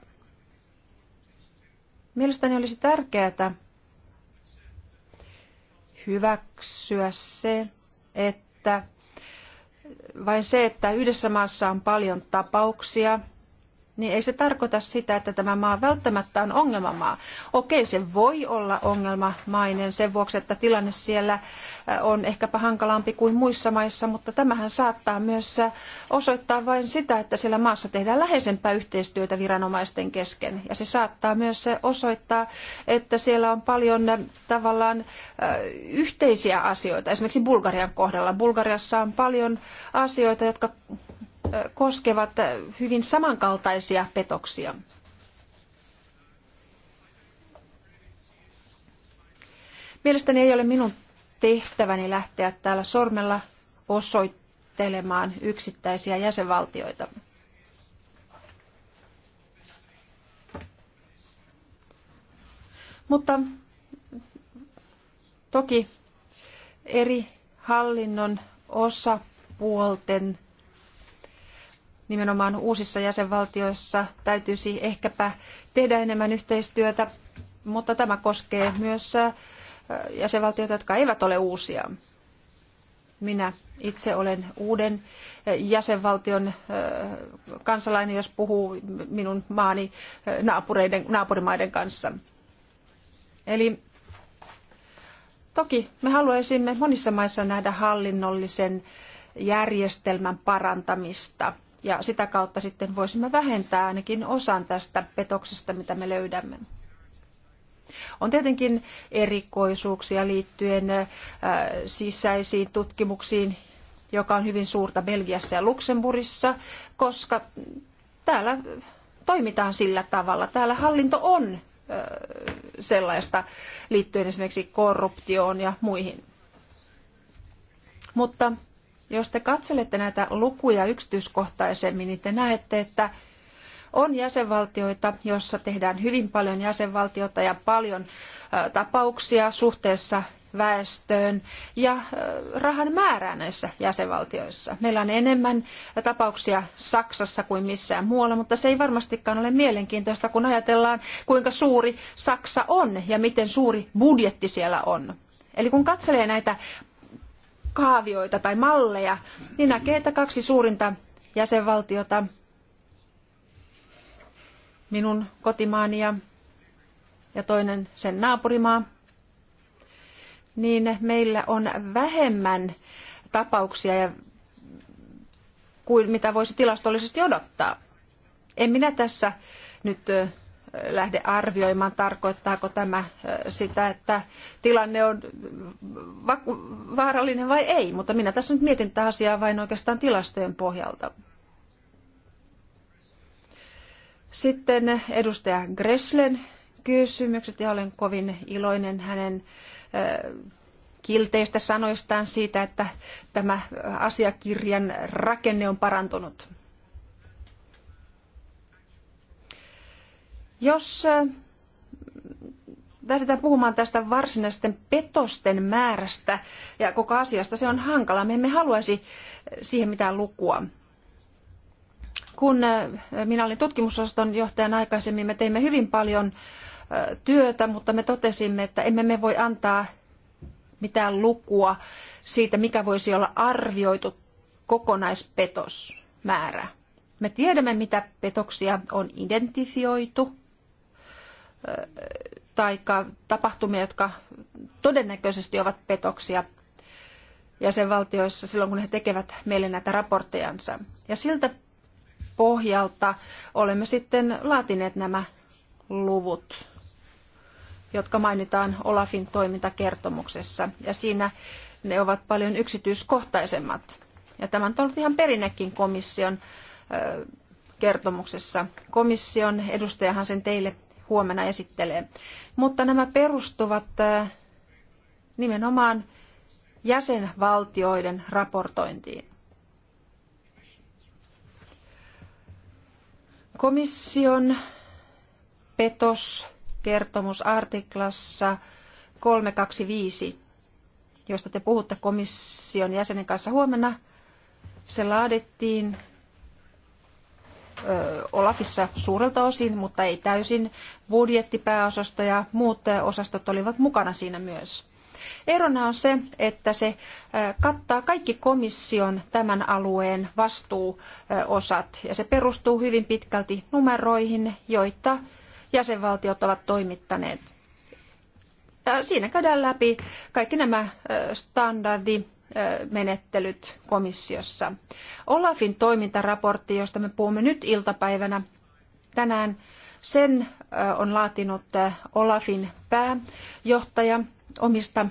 Mielestäni olisi tärkeää hyväksyä se, että vain se, että yhdessä maassa on paljon tapauksia – niin ei se tarkoita sitä, että tämä maa välttämättä on ongelmamaa. Okei, se voi olla ongelmamainen sen vuoksi, että tilanne siellä äh, on ehkäpä hankalampi kuin muissa maissa, mutta tämähän saattaa myös äh, osoittaa vain sitä, että siellä maassa tehdään läheisempää yhteistyötä viranomaisten kesken. Ja se saattaa myös äh, osoittaa, että siellä on paljon tavallaan yhteisiä asioita. Esimerkiksi Bulgarian kohdalla. Bulgariassa on paljon asioita, jotka koskevat hyvin samankaltaisia petoksia. Mielestäni ei ole minun tehtäväni lähteä täällä sormella osoittelemaan yksittäisiä jäsenvaltioita. Mutta toki eri hallinnon osapuolten nimenomaan uusissa jäsenvaltioissa täytyisi ehkäpä tehdä enemmän yhteistyötä, mutta tämä koskee myös äh, jäsenvaltioita, jotka eivät ole uusia. Minä itse olen uuden äh, jäsenvaltion äh, kansalainen, jos puhuu minun maani naapureiden, naapurimaiden kanssa. Eli toki me haluaisimme monissa maissa nähdä hallinnollisen järjestelmän parantamista – ja sitä kautta sitten voisimme vähentää ainakin osan tästä petoksesta, mitä me löydämme. On tietenkin erikoisuuksia liittyen äh, sisäisiin tutkimuksiin, joka on hyvin suurta Belgiassa ja Luxemburissa, koska täällä toimitaan sillä tavalla. Täällä hallinto on äh, sellaista liittyen esimerkiksi korruptioon ja muihin. Mutta jos te katselette näitä lukuja yksityiskohtaisemmin, niin te näette, että on jäsenvaltioita, joissa tehdään hyvin paljon jäsenvaltiota ja paljon tapauksia suhteessa väestöön ja rahan määrää näissä jäsenvaltioissa. Meillä on enemmän tapauksia Saksassa kuin missään muualla, mutta se ei varmastikaan ole mielenkiintoista, kun ajatellaan, kuinka suuri Saksa on ja miten suuri budjetti siellä on. Eli kun katselee näitä kaavioita tai malleja, niin näkee, että kaksi suurinta jäsenvaltiota, minun kotimaani ja, ja toinen sen naapurimaa, niin meillä on vähemmän tapauksia ja kuin mitä voisi tilastollisesti odottaa. En minä tässä nyt lähde arvioimaan, tarkoittaako tämä äh, sitä, että tilanne on vaarallinen vai ei, mutta minä tässä nyt mietin tätä asiaa vain oikeastaan tilastojen pohjalta. Sitten edustaja Greslen kysymykset ja olen kovin iloinen hänen äh, kilteistä sanoistaan siitä, että tämä asiakirjan rakenne on parantunut. Jos lähdetään puhumaan tästä varsinaisten petosten määrästä ja koko asiasta, se on hankala. Me emme haluaisi siihen mitään lukua. Kun minä olin tutkimusosaston johtajan aikaisemmin, me teimme hyvin paljon työtä, mutta me totesimme, että emme me voi antaa mitään lukua siitä, mikä voisi olla arvioitu kokonaispetosmäärä. Me tiedämme, mitä petoksia on identifioitu, tai tapahtumia, jotka todennäköisesti ovat petoksia jäsenvaltioissa silloin, kun he tekevät meille näitä raporttejansa. Ja siltä pohjalta olemme sitten laatineet nämä luvut, jotka mainitaan Olafin toimintakertomuksessa. Ja siinä ne ovat paljon yksityiskohtaisemmat. Ja tämä on ollut ihan perinnekin komission kertomuksessa. Komission edustajahan sen teille huomenna esittelee. Mutta nämä perustuvat äh, nimenomaan jäsenvaltioiden raportointiin. Komission petoskertomusartiklassa 325, josta te puhutte komission jäsenen kanssa huomenna, se laadittiin Olafissa suurelta osin, mutta ei täysin. Budjettipääosasto ja muut osastot olivat mukana siinä myös. Erona on se, että se kattaa kaikki komission tämän alueen vastuuosat ja se perustuu hyvin pitkälti numeroihin, joita jäsenvaltiot ovat toimittaneet. Ja siinä käydään läpi kaikki nämä standardi menettelyt komissiossa. Olafin toimintaraportti, josta me puhumme nyt iltapäivänä tänään, sen on laatinut Olafin pääjohtaja omista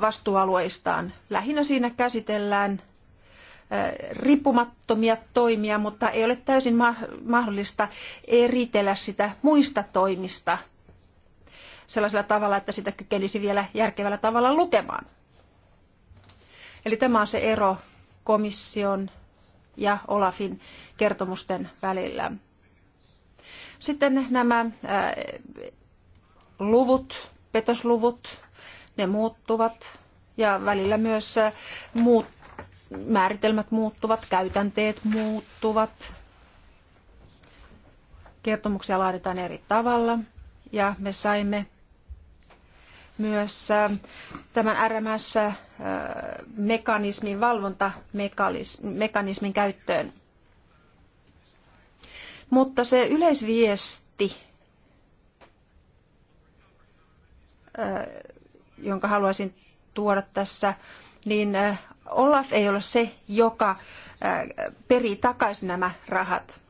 vastuualueistaan. Lähinnä siinä käsitellään riippumattomia toimia, mutta ei ole täysin mahdollista eritellä sitä muista toimista sellaisella tavalla, että sitä kykenisi vielä järkevällä tavalla lukemaan. Eli tämä on se ero komission ja Olafin kertomusten välillä. Sitten nämä äh, luvut, petosluvut, ne muuttuvat ja välillä myös äh, muut, määritelmät muuttuvat, käytänteet muuttuvat. Kertomuksia laaditaan eri tavalla ja me saimme myös äh, tämän RMS-mekanismin, valvontamekanismin käyttöön. Mutta se yleisviesti, äh, jonka haluaisin tuoda tässä, niin äh, Olaf ei ole se, joka perii takaisin nämä rahat.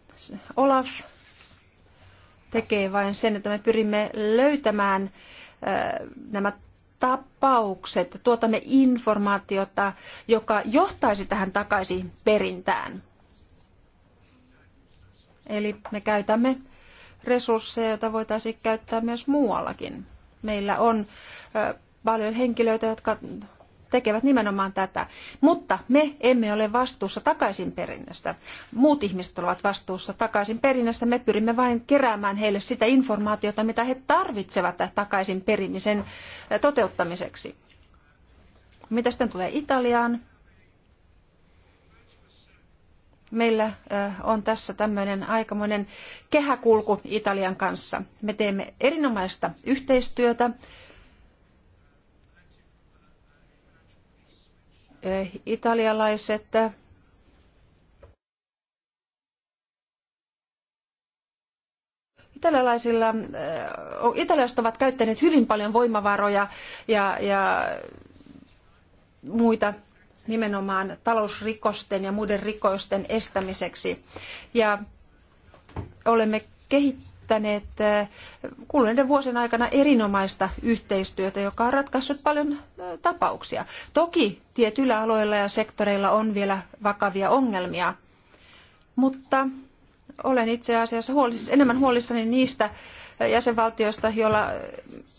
Olaf tekee vain sen, että me pyrimme löytämään nämä tapaukset, tuotamme informaatiota, joka johtaisi tähän takaisin perintään. Eli me käytämme resursseja, joita voitaisiin käyttää myös muuallakin. Meillä on paljon henkilöitä, jotka tekevät nimenomaan tätä. Mutta me emme ole vastuussa takaisinperinnästä. Muut ihmiset ovat vastuussa takaisinperinnästä. Me pyrimme vain keräämään heille sitä informaatiota, mitä he tarvitsevat takaisinperimisen toteuttamiseksi. Mitä sitten tulee Italiaan? Meillä on tässä tämmöinen aikamoinen kehäkulku Italian kanssa. Me teemme erinomaista yhteistyötä Eh, italialaiset Italialaisilla, eh, italialaiset ovat käyttäneet hyvin paljon voimavaroja ja, ja muita nimenomaan talousrikosten ja muiden rikosten estämiseksi. Ja olemme kehittäneet käyttäneet eh, kuluneiden vuosien aikana erinomaista yhteistyötä, joka on ratkaissut paljon eh, tapauksia. Toki tietyillä aloilla ja sektoreilla on vielä vakavia ongelmia, mutta olen itse asiassa huolissani, enemmän huolissani niistä eh, jäsenvaltioista, joilla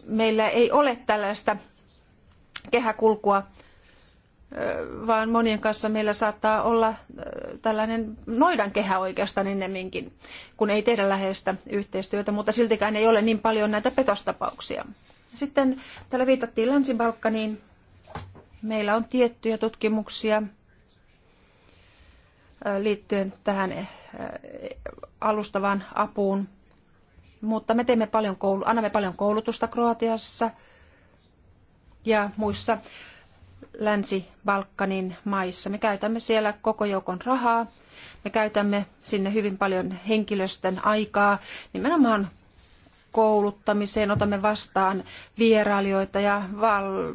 meillä ei ole tällaista kehäkulkua vaan monien kanssa meillä saattaa olla tällainen noidankehä oikeastaan ennemminkin, kun ei tehdä läheistä yhteistyötä, mutta siltikään ei ole niin paljon näitä petostapauksia. Sitten täällä viitattiin Länsi-Balkaniin. Meillä on tiettyjä tutkimuksia liittyen tähän alustavaan apuun, mutta me teemme paljon, annamme paljon koulutusta Kroatiassa ja muissa Länsi-Balkanin maissa. Me käytämme siellä koko joukon rahaa. Me käytämme sinne hyvin paljon henkilöstön aikaa nimenomaan kouluttamiseen, otamme vastaan vierailijoita ja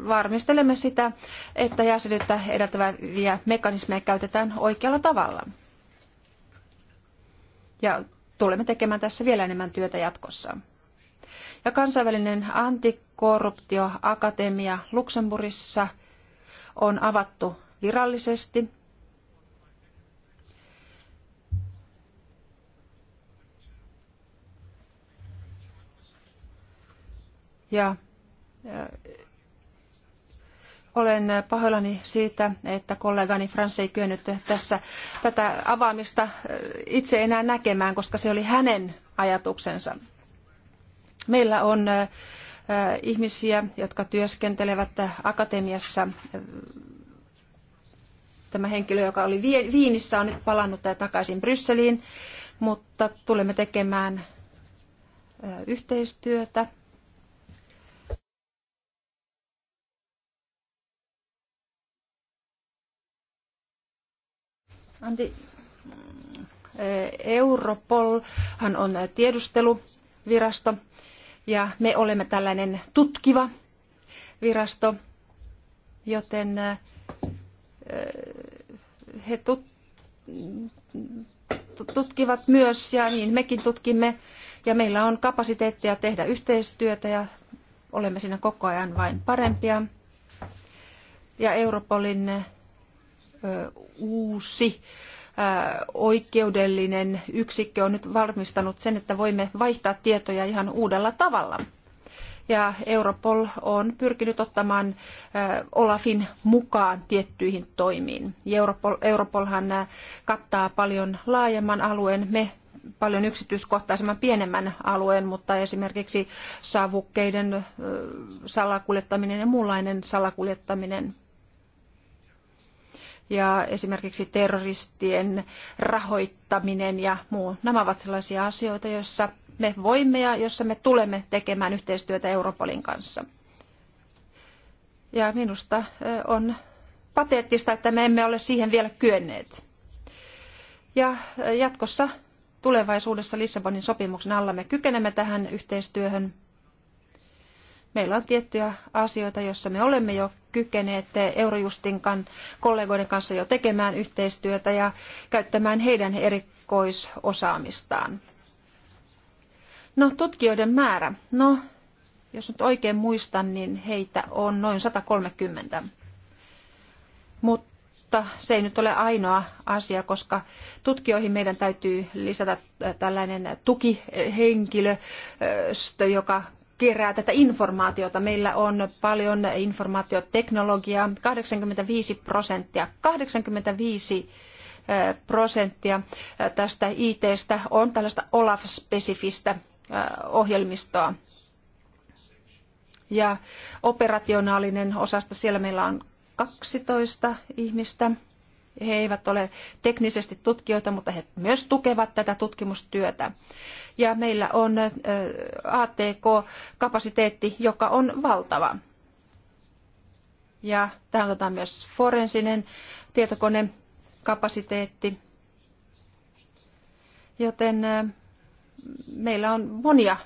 varmistelemme sitä, että jäsenyyttä edeltäviä mekanismeja käytetään oikealla tavalla. Ja tulemme tekemään tässä vielä enemmän työtä jatkossa. Ja kansainvälinen antikorruptioakatemia Luxemburgissa – on avattu virallisesti. Ja äh, olen pahoillani siitä, että kollegani Frans ei kyennyt tässä tätä avaamista äh, itse enää näkemään, koska se oli hänen ajatuksensa. Meillä on äh, ihmisiä, jotka työskentelevät akatemiassa. Tämä henkilö, joka oli Viinissä, on nyt palannut takaisin Brysseliin, mutta tulemme tekemään yhteistyötä. Europol, Europolhan on tiedusteluvirasto ja me olemme tällainen tutkiva virasto, joten he tutkivat myös ja niin mekin tutkimme ja meillä on kapasiteettia tehdä yhteistyötä ja olemme siinä koko ajan vain parempia. Ja Europolin uusi oikeudellinen yksikkö on nyt varmistanut sen, että voimme vaihtaa tietoja ihan uudella tavalla. Ja Europol on pyrkinyt ottamaan Olafin mukaan tiettyihin toimiin. Europol, Europolhan kattaa paljon laajemman alueen. Me paljon yksityiskohtaisemman pienemmän alueen, mutta esimerkiksi savukkeiden salakuljettaminen ja muunlainen salakuljettaminen ja esimerkiksi terroristien rahoittaminen ja muu. Nämä ovat sellaisia asioita, joissa me voimme ja jossa me tulemme tekemään yhteistyötä Europolin kanssa. Ja minusta on pateettista, että me emme ole siihen vielä kyenneet. Ja jatkossa tulevaisuudessa Lissabonin sopimuksen alla me kykenemme tähän yhteistyöhön Meillä on tiettyjä asioita, joissa me olemme jo kykeneet Eurojustin kollegoiden kanssa jo tekemään yhteistyötä ja käyttämään heidän erikoisosaamistaan. No, tutkijoiden määrä. No, jos nyt oikein muistan, niin heitä on noin 130. Mutta se ei nyt ole ainoa asia, koska tutkijoihin meidän täytyy lisätä tällainen tukihenkilöstö, joka kerää tätä informaatiota. Meillä on paljon informaatioteknologiaa, 85 prosenttia. 85 prosenttia tästä ITstä on tällaista OLAF-spesifistä ohjelmistoa. Ja operationaalinen osasta siellä meillä on 12 ihmistä he eivät ole teknisesti tutkijoita, mutta he myös tukevat tätä tutkimustyötä. Ja meillä on ATK-kapasiteetti, joka on valtava. Ja täällä otetaan myös forensinen tietokonekapasiteetti. Joten meillä on monia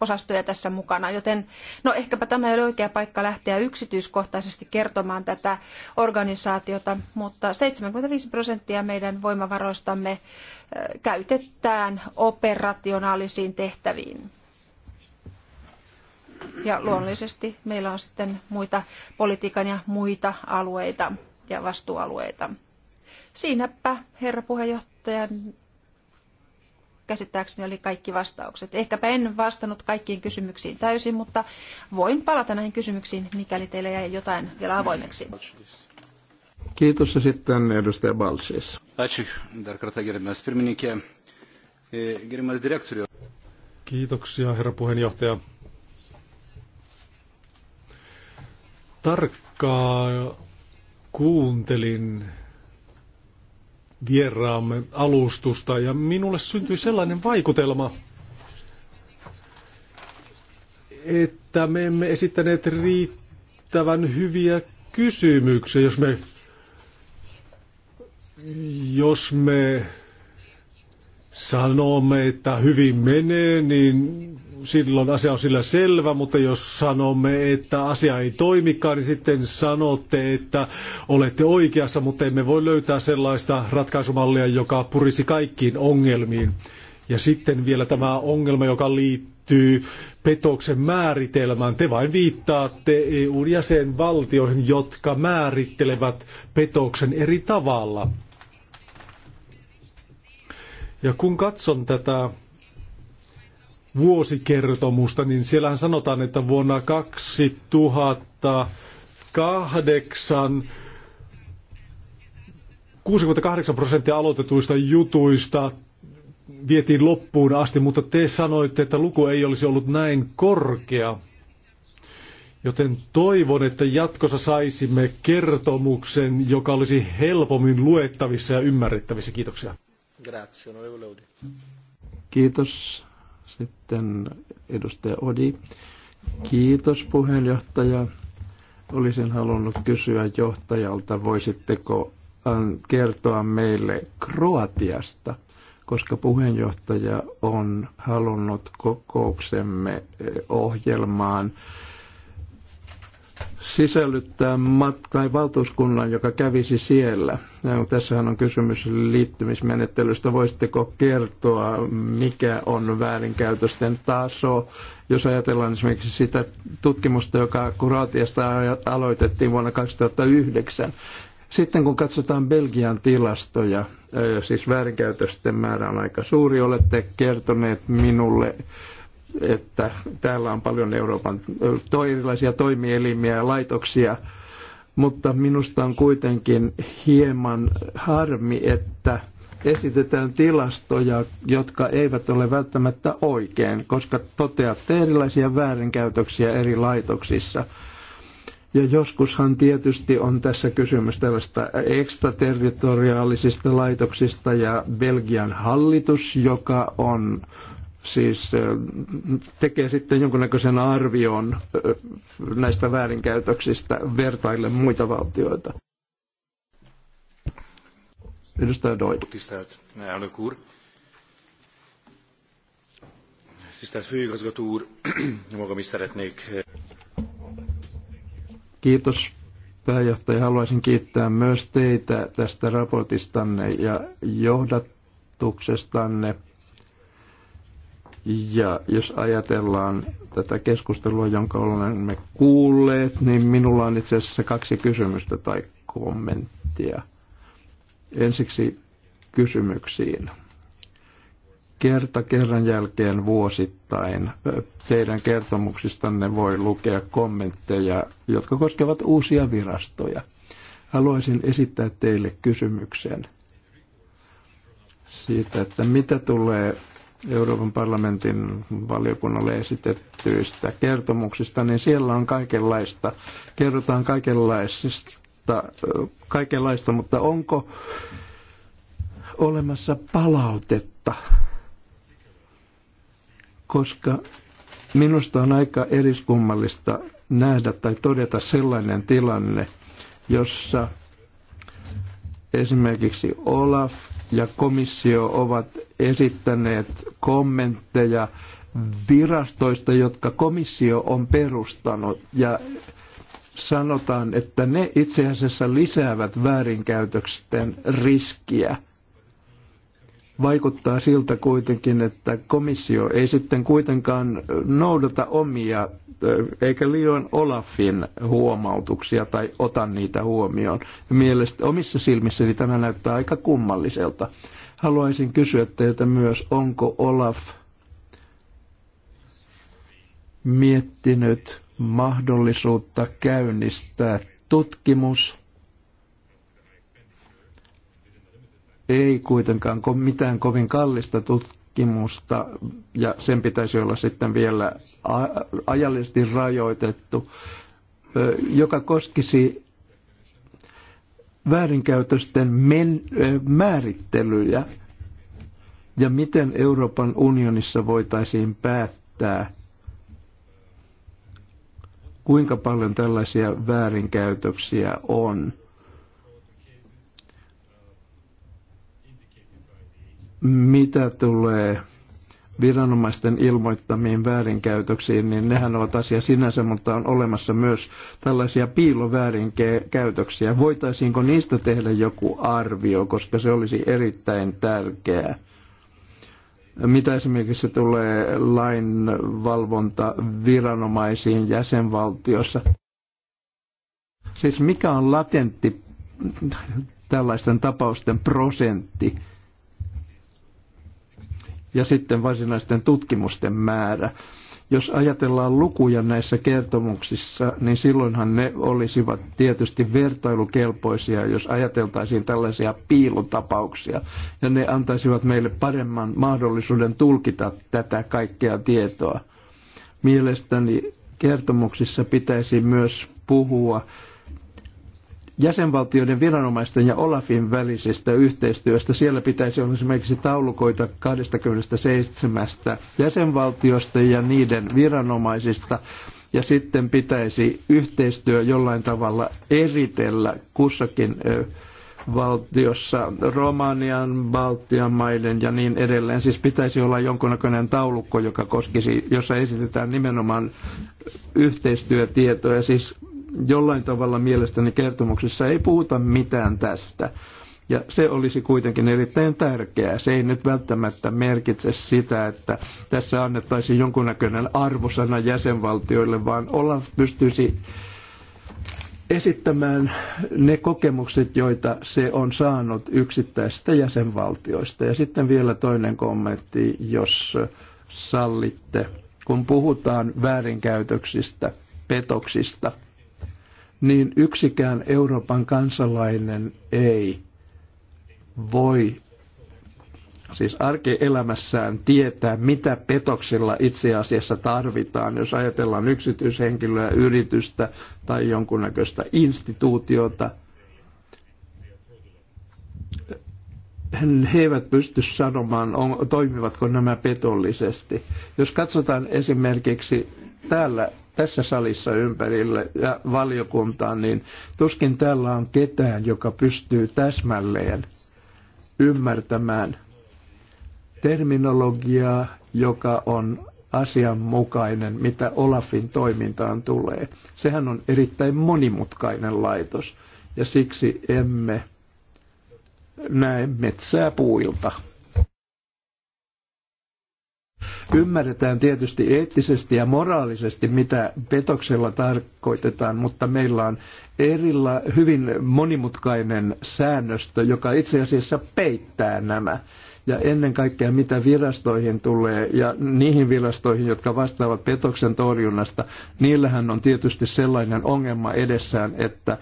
osastoja tässä mukana, joten no ehkäpä tämä ei ole oikea paikka lähteä yksityiskohtaisesti kertomaan tätä organisaatiota, mutta 75 prosenttia meidän voimavaroistamme käytetään operationaalisiin tehtäviin. Ja luonnollisesti meillä on sitten muita politiikan ja muita alueita ja vastuualueita. Siinäpä herra puheenjohtajan käsittääkseni oli kaikki vastaukset. Ehkäpä en vastannut kaikkiin kysymyksiin täysin, mutta voin palata näihin kysymyksiin, mikäli teillä jäi jotain vielä avoimeksi. Kiitos ja sitten edustaja Balsis. E, Kiitoksia herra puheenjohtaja. Tarkkaa kuuntelin vieraamme alustusta ja minulle syntyi sellainen vaikutelma, että me emme esittäneet riittävän hyviä kysymyksiä, jos me, jos me sanomme, että hyvin menee, niin silloin asia on sillä selvä, mutta jos sanomme, että asia ei toimikaan, niin sitten sanotte, että olette oikeassa, mutta emme voi löytää sellaista ratkaisumallia, joka purisi kaikkiin ongelmiin. Ja sitten vielä tämä ongelma, joka liittyy petoksen määritelmään. Te vain viittaatte EUn jäsenvaltioihin, jotka määrittelevät petoksen eri tavalla. Ja kun katson tätä vuosikertomusta, niin siellähän sanotaan, että vuonna 2008 68 prosenttia aloitetuista jutuista vietiin loppuun asti, mutta te sanoitte, että luku ei olisi ollut näin korkea. Joten toivon, että jatkossa saisimme kertomuksen, joka olisi helpommin luettavissa ja ymmärrettävissä. Kiitoksia. Grazie, Kiitos. Sitten edustaja Odi. Kiitos puheenjohtaja. Olisin halunnut kysyä johtajalta, voisitteko äh, kertoa meille Kroatiasta, koska puheenjohtaja on halunnut kokouksemme eh, ohjelmaan sisällyttää matkain valtuuskunnan, joka kävisi siellä. Ja tässähän on kysymys liittymismenettelystä. Voisitteko kertoa, mikä on väärinkäytösten taso? Jos ajatellaan esimerkiksi sitä tutkimusta, joka Kuraatiasta aloitettiin vuonna 2009, sitten kun katsotaan Belgian tilastoja, siis väärinkäytösten määrä on aika suuri, olette kertoneet minulle että täällä on paljon Euroopan erilaisia toimielimiä ja laitoksia, mutta minusta on kuitenkin hieman harmi, että esitetään tilastoja, jotka eivät ole välttämättä oikein, koska toteatte erilaisia väärinkäytöksiä eri laitoksissa. Ja joskushan tietysti on tässä kysymys tällaista ekstraterritoriaalisista laitoksista ja Belgian hallitus, joka on siis tekee sitten jonkunnäköisen arvion näistä väärinkäytöksistä vertaille muita valtioita. Edustaja Doid. Tisztelt elnök úr, tisztelt Moga, úr, *clears throat* magam Kiitos pääjohtaja. Haluaisin kiittää myös teitä tästä raportistanne ja johdatuksestanne. Ja jos ajatellaan tätä keskustelua, jonka olemme kuulleet, niin minulla on itse asiassa kaksi kysymystä tai kommenttia. Ensiksi kysymyksiin. Kerta kerran jälkeen vuosittain teidän kertomuksistanne voi lukea kommentteja, jotka koskevat uusia virastoja. Haluaisin esittää teille kysymyksen siitä, että mitä tulee Euroopan parlamentin valiokunnalle esitettyistä kertomuksista, niin siellä on kaikenlaista, kerrotaan kaikenlaisista, kaikenlaista, mutta onko olemassa palautetta? Koska minusta on aika eriskummallista nähdä tai todeta sellainen tilanne, jossa esimerkiksi Olaf ja komissio ovat esittäneet kommentteja virastoista, jotka komissio on perustanut ja sanotaan, että ne itse asiassa lisäävät väärinkäytöksen riskiä. Vaikuttaa siltä kuitenkin, että komissio ei sitten kuitenkaan noudata omia eikä liioin Olafin huomautuksia tai ota niitä huomioon. Mielestä, omissa silmissäni tämä näyttää aika kummalliselta. Haluaisin kysyä teiltä myös, onko Olaf miettinyt mahdollisuutta käynnistää tutkimus, ei kuitenkaan mitään kovin kallista tutkimusta tutkimusta ja sen pitäisi olla sitten vielä ajallisesti rajoitettu, joka koskisi väärinkäytösten men, määrittelyjä ja miten Euroopan unionissa voitaisiin päättää, kuinka paljon tällaisia väärinkäytöksiä on – Mitä tulee viranomaisten ilmoittamiin väärinkäytöksiin, niin nehän ovat asia sinänsä, mutta on olemassa myös tällaisia piiloväärinkäytöksiä. Voitaisiinko niistä tehdä joku arvio, koska se olisi erittäin tärkeää? Mitä esimerkiksi tulee lainvalvonta viranomaisiin jäsenvaltiossa? Siis mikä on latentti tällaisten tapausten prosentti? ja sitten varsinaisten tutkimusten määrä. Jos ajatellaan lukuja näissä kertomuksissa, niin silloinhan ne olisivat tietysti vertailukelpoisia, jos ajateltaisiin tällaisia piilotapauksia. Ja ne antaisivat meille paremman mahdollisuuden tulkita tätä kaikkea tietoa. Mielestäni kertomuksissa pitäisi myös puhua jäsenvaltioiden viranomaisten ja Olafin välisestä yhteistyöstä. Siellä pitäisi olla esimerkiksi taulukoita 27 jäsenvaltiosta ja niiden viranomaisista. Ja sitten pitäisi yhteistyö jollain tavalla eritellä kussakin valtiossa, Romanian, Baltian maiden ja niin edelleen. Siis pitäisi olla jonkunnäköinen taulukko, joka koskisi, jossa esitetään nimenomaan yhteistyötietoja, siis jollain tavalla mielestäni kertomuksessa ei puhuta mitään tästä. Ja se olisi kuitenkin erittäin tärkeää. Se ei nyt välttämättä merkitse sitä, että tässä annettaisiin jonkunnäköinen arvosana jäsenvaltioille, vaan Olaf pystyisi esittämään ne kokemukset, joita se on saanut yksittäisistä jäsenvaltioista. Ja sitten vielä toinen kommentti, jos sallitte. Kun puhutaan väärinkäytöksistä, petoksista – niin yksikään Euroopan kansalainen ei voi siis arkielämässään tietää, mitä petoksilla itse asiassa tarvitaan, jos ajatellaan yksityishenkilöä, yritystä tai jonkunnäköistä instituutiota. He eivät pysty sanomaan, toimivatko nämä petollisesti. Jos katsotaan esimerkiksi täällä tässä salissa ympärille ja valiokuntaan, niin tuskin täällä on ketään, joka pystyy täsmälleen ymmärtämään terminologiaa, joka on asianmukainen, mitä Olafin toimintaan tulee. Sehän on erittäin monimutkainen laitos ja siksi emme näe metsää puilta. Ymmärretään tietysti eettisesti ja moraalisesti, mitä petoksella tarkoitetaan, mutta meillä on erilla hyvin monimutkainen säännöstö, joka itse asiassa peittää nämä. Ja ennen kaikkea mitä virastoihin tulee ja niihin virastoihin, jotka vastaavat petoksen torjunnasta, niillähän on tietysti sellainen ongelma edessään, että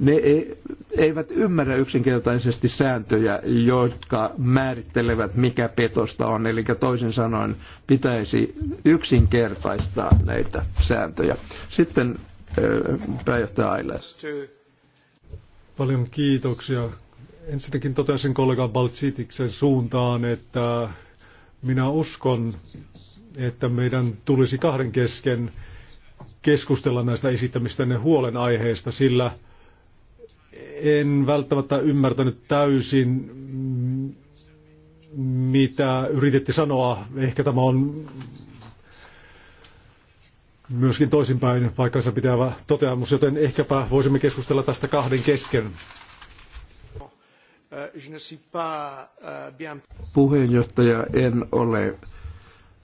ne e, eivät ymmärrä yksinkertaisesti sääntöjä, jotka määrittelevät, mikä petosta on. Eli toisin sanoen pitäisi yksinkertaistaa näitä sääntöjä. Sitten pääjohtaja Aile. Paljon kiitoksia. Ensinnäkin totesin kollega Baltsitiksen suuntaan, että minä uskon, että meidän tulisi kahden kesken keskustella näistä esittämistänne huolenaiheista, sillä – en välttämättä ymmärtänyt täysin, mitä yritetti sanoa. Ehkä tämä on myöskin toisinpäin paikkansa pitävä toteamus, joten ehkäpä voisimme keskustella tästä kahden kesken. Puheenjohtaja, en ole,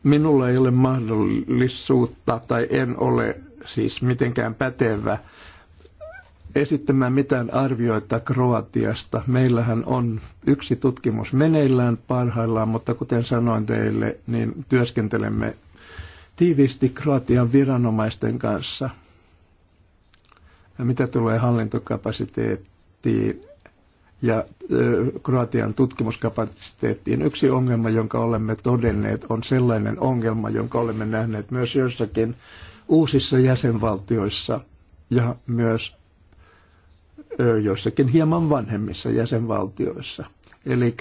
minulla ei ole mahdollisuutta tai en ole siis mitenkään pätevä – esittämään mitään arvioita Kroatiasta. Meillähän on yksi tutkimus meneillään parhaillaan, mutta kuten sanoin teille, niin työskentelemme tiiviisti Kroatian viranomaisten kanssa. Ja mitä tulee hallintokapasiteettiin ja Kroatian tutkimuskapasiteettiin, yksi ongelma, jonka olemme todenneet, on sellainen ongelma, jonka olemme nähneet myös joissakin uusissa jäsenvaltioissa ja myös joissakin hieman vanhemmissa jäsenvaltioissa. Eli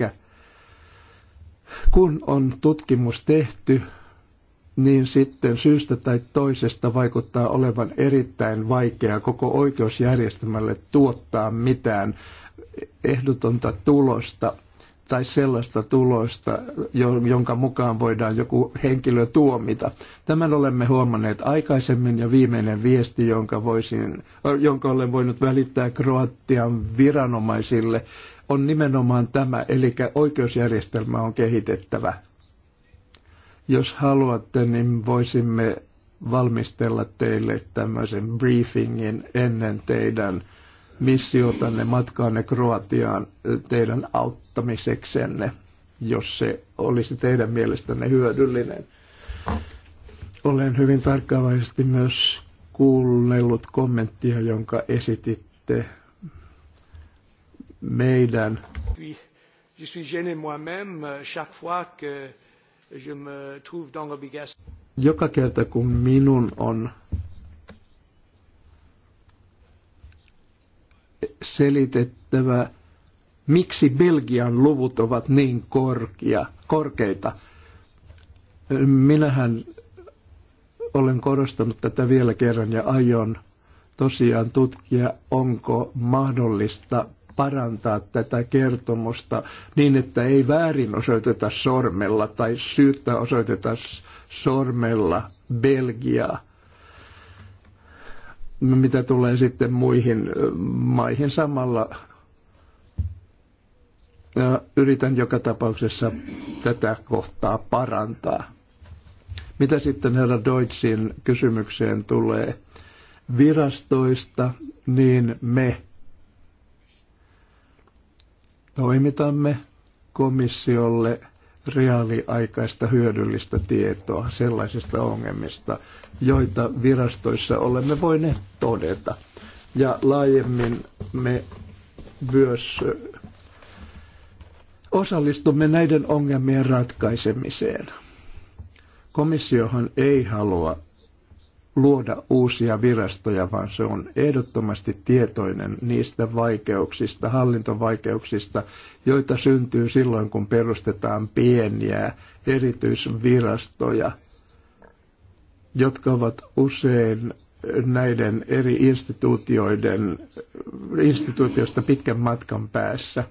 kun on tutkimus tehty, niin sitten syystä tai toisesta vaikuttaa olevan erittäin vaikeaa koko oikeusjärjestelmälle tuottaa mitään ehdotonta tulosta tai sellaista tuloista, jonka mukaan voidaan joku henkilö tuomita. Tämän olemme huomanneet aikaisemmin ja viimeinen viesti, jonka, voisin, jonka olen voinut välittää Kroatian viranomaisille, on nimenomaan tämä, eli oikeusjärjestelmä on kehitettävä. Jos haluatte, niin voisimme valmistella teille tämmöisen briefingin ennen teidän Missio tänne matkaanne Kroatiaan teidän auttamiseksenne, jos se olisi teidän mielestänne hyödyllinen. Olen hyvin tarkkaavaisesti myös kuunnellut kommenttia, jonka esititte meidän je suis gêné moi-même chaque fois que je me trouve dans l'obligation. Joka kerta kun minun on selitettävä, miksi Belgian luvut ovat niin korkia, korkeita. Minähän olen korostanut tätä vielä kerran ja aion tosiaan tutkia, onko mahdollista parantaa tätä kertomusta niin, että ei väärin osoiteta sormella tai syyttä osoiteta sormella Belgiaa No, mitä tulee sitten muihin maihin samalla. Yritän joka tapauksessa tätä kohtaa parantaa. Mitä sitten herra Deutschin kysymykseen tulee virastoista, niin me toimitamme komissiolle reaaliaikaista hyödyllistä tietoa sellaisista ongelmista, joita virastoissa olemme voineet todeta. Ja laajemmin me myös osallistumme näiden ongelmien ratkaisemiseen. Komissiohan ei halua luoda uusia virastoja, vaan se on ehdottomasti tietoinen niistä vaikeuksista, hallintovaikeuksista, joita syntyy silloin, kun perustetaan pieniä erityisvirastoja – jotka ovat usein näiden eri instituutioiden, instituutioista pitkän matkan päässä.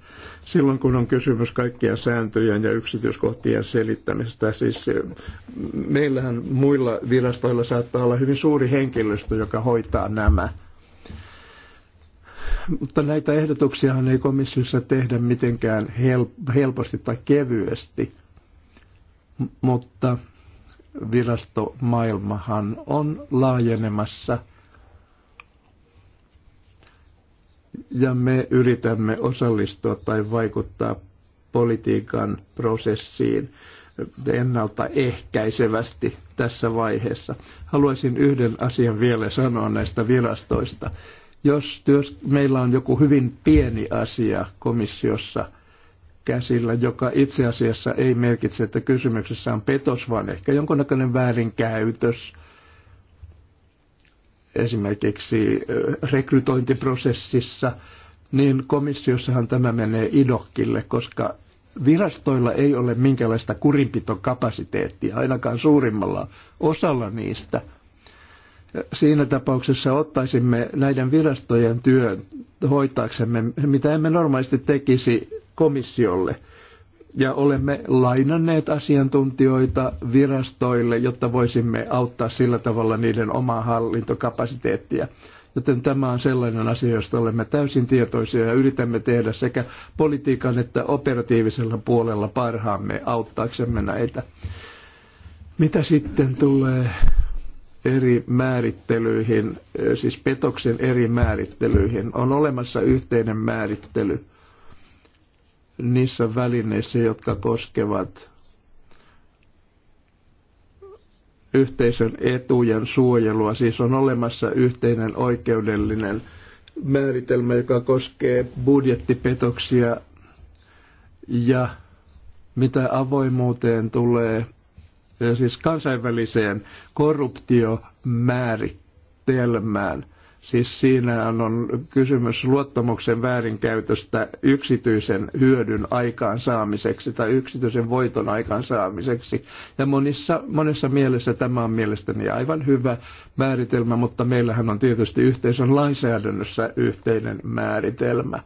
Silloin kun on kysymys kaikkien sääntöjen ja yksityiskohtien selittämistä, siis eh, meillähän muilla virastoilla saattaa olla hyvin suuri henkilöstö, joka hoitaa nämä. Mutta näitä ehdotuksiahan ei komissiossa tehdä mitenkään helposti tai kevyesti, mutta virastomaailmahan on laajenemassa ja me yritämme osallistua tai vaikuttaa politiikan prosessiin ennaltaehkäisevästi tässä vaiheessa. Haluaisin yhden asian vielä sanoa näistä virastoista. Jos työs, meillä on joku hyvin pieni asia komissiossa – käsillä, joka itse asiassa ei merkitse, että kysymyksessä on petos, vaan ehkä jonkunnäköinen väärinkäytös. Esimerkiksi rekrytointiprosessissa, niin komissiossahan tämä menee idokkille, koska virastoilla ei ole minkäänlaista kurinpitokapasiteettia, ainakaan suurimmalla osalla niistä. Siinä tapauksessa ottaisimme näiden virastojen työn hoitaaksemme, mitä emme normaalisti tekisi komissiolle. Ja olemme lainanneet asiantuntijoita virastoille, jotta voisimme auttaa sillä tavalla niiden omaa hallintokapasiteettia. Joten tämä on sellainen asia, josta olemme täysin tietoisia ja yritämme tehdä sekä politiikan että operatiivisella puolella parhaamme auttaaksemme näitä. Mitä sitten tulee eri määrittelyihin, siis petoksen eri määrittelyihin, on olemassa yhteinen määrittely, niissä välineissä, jotka koskevat yhteisön etujen suojelua. Siis on olemassa yhteinen oikeudellinen määritelmä, joka koskee budjettipetoksia ja mitä avoimuuteen tulee, siis kansainväliseen korruptiomääritelmään – Siis siinä on kysymys luottamuksen väärinkäytöstä yksityisen hyödyn aikaansaamiseksi tai yksityisen voiton aikaansaamiseksi. Ja monissa, monessa mielessä tämä on mielestäni aivan hyvä määritelmä, mutta meillähän on tietysti yhteisön lainsäädännössä yhteinen määritelmä.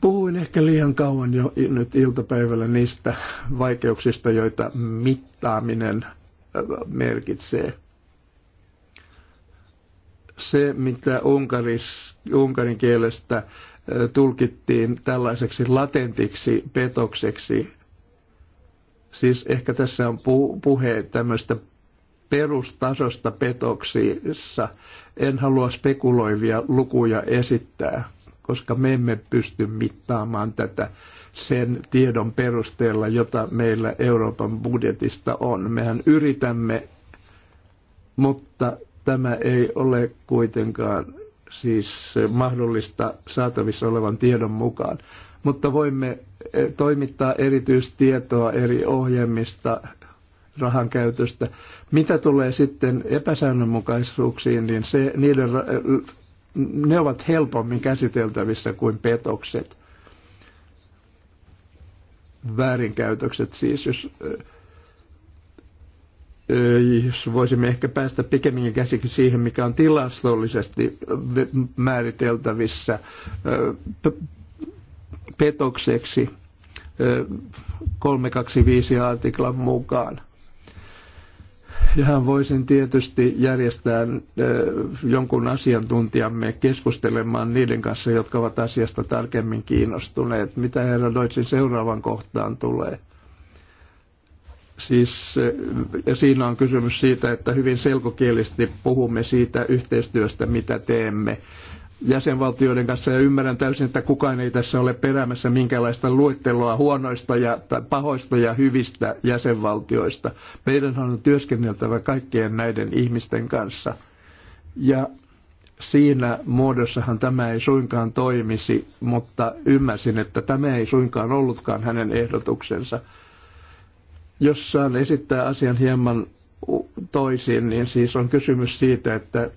Puhuin ehkä liian kauan jo nyt iltapäivällä niistä vaikeuksista, joita mittaaminen äh, merkitsee se, mitä unkaris, unkarin kielestä tulkittiin tällaiseksi latentiksi petokseksi. Siis ehkä tässä on puhe tämmöistä perustasosta petoksissa. En halua spekuloivia lukuja esittää, koska me emme pysty mittaamaan tätä sen tiedon perusteella, jota meillä Euroopan budjetista on. Mehän yritämme, mutta Tämä ei ole kuitenkaan siis mahdollista saatavissa olevan tiedon mukaan, mutta voimme eh, toimittaa erityistietoa eri ohjelmista, rahan käytöstä. Mitä tulee sitten epäsäännönmukaisuuksiin, niin se, niiden, eh, ne ovat helpommin käsiteltävissä kuin petokset väärinkäytökset siis, jos eh, jos voisimme ehkä päästä pikemminkin käsiksi siihen, mikä on tilastollisesti määriteltävissä petokseksi 325 artiklan mukaan. Jahan voisin tietysti järjestää jonkun asiantuntijamme keskustelemaan niiden kanssa, jotka ovat asiasta tarkemmin kiinnostuneet. Mitä herra Deutschin seuraavan kohtaan tulee? Siis eh, siinä on kysymys siitä, että hyvin selkokielisesti puhumme siitä yhteistyöstä, mitä teemme jäsenvaltioiden kanssa ja ymmärrän täysin, että kukaan ei tässä ole peräämässä minkälaista luetteloa huonoista ja pahoista ja hyvistä jäsenvaltioista. Meidän on työskenneltävä kaikkien näiden ihmisten kanssa. Ja siinä muodossahan tämä ei suinkaan toimisi, mutta ymmärsin, että tämä ei suinkaan ollutkaan hänen ehdotuksensa jos saan esittää asian hieman toisin, niin siis on kysymys siitä, että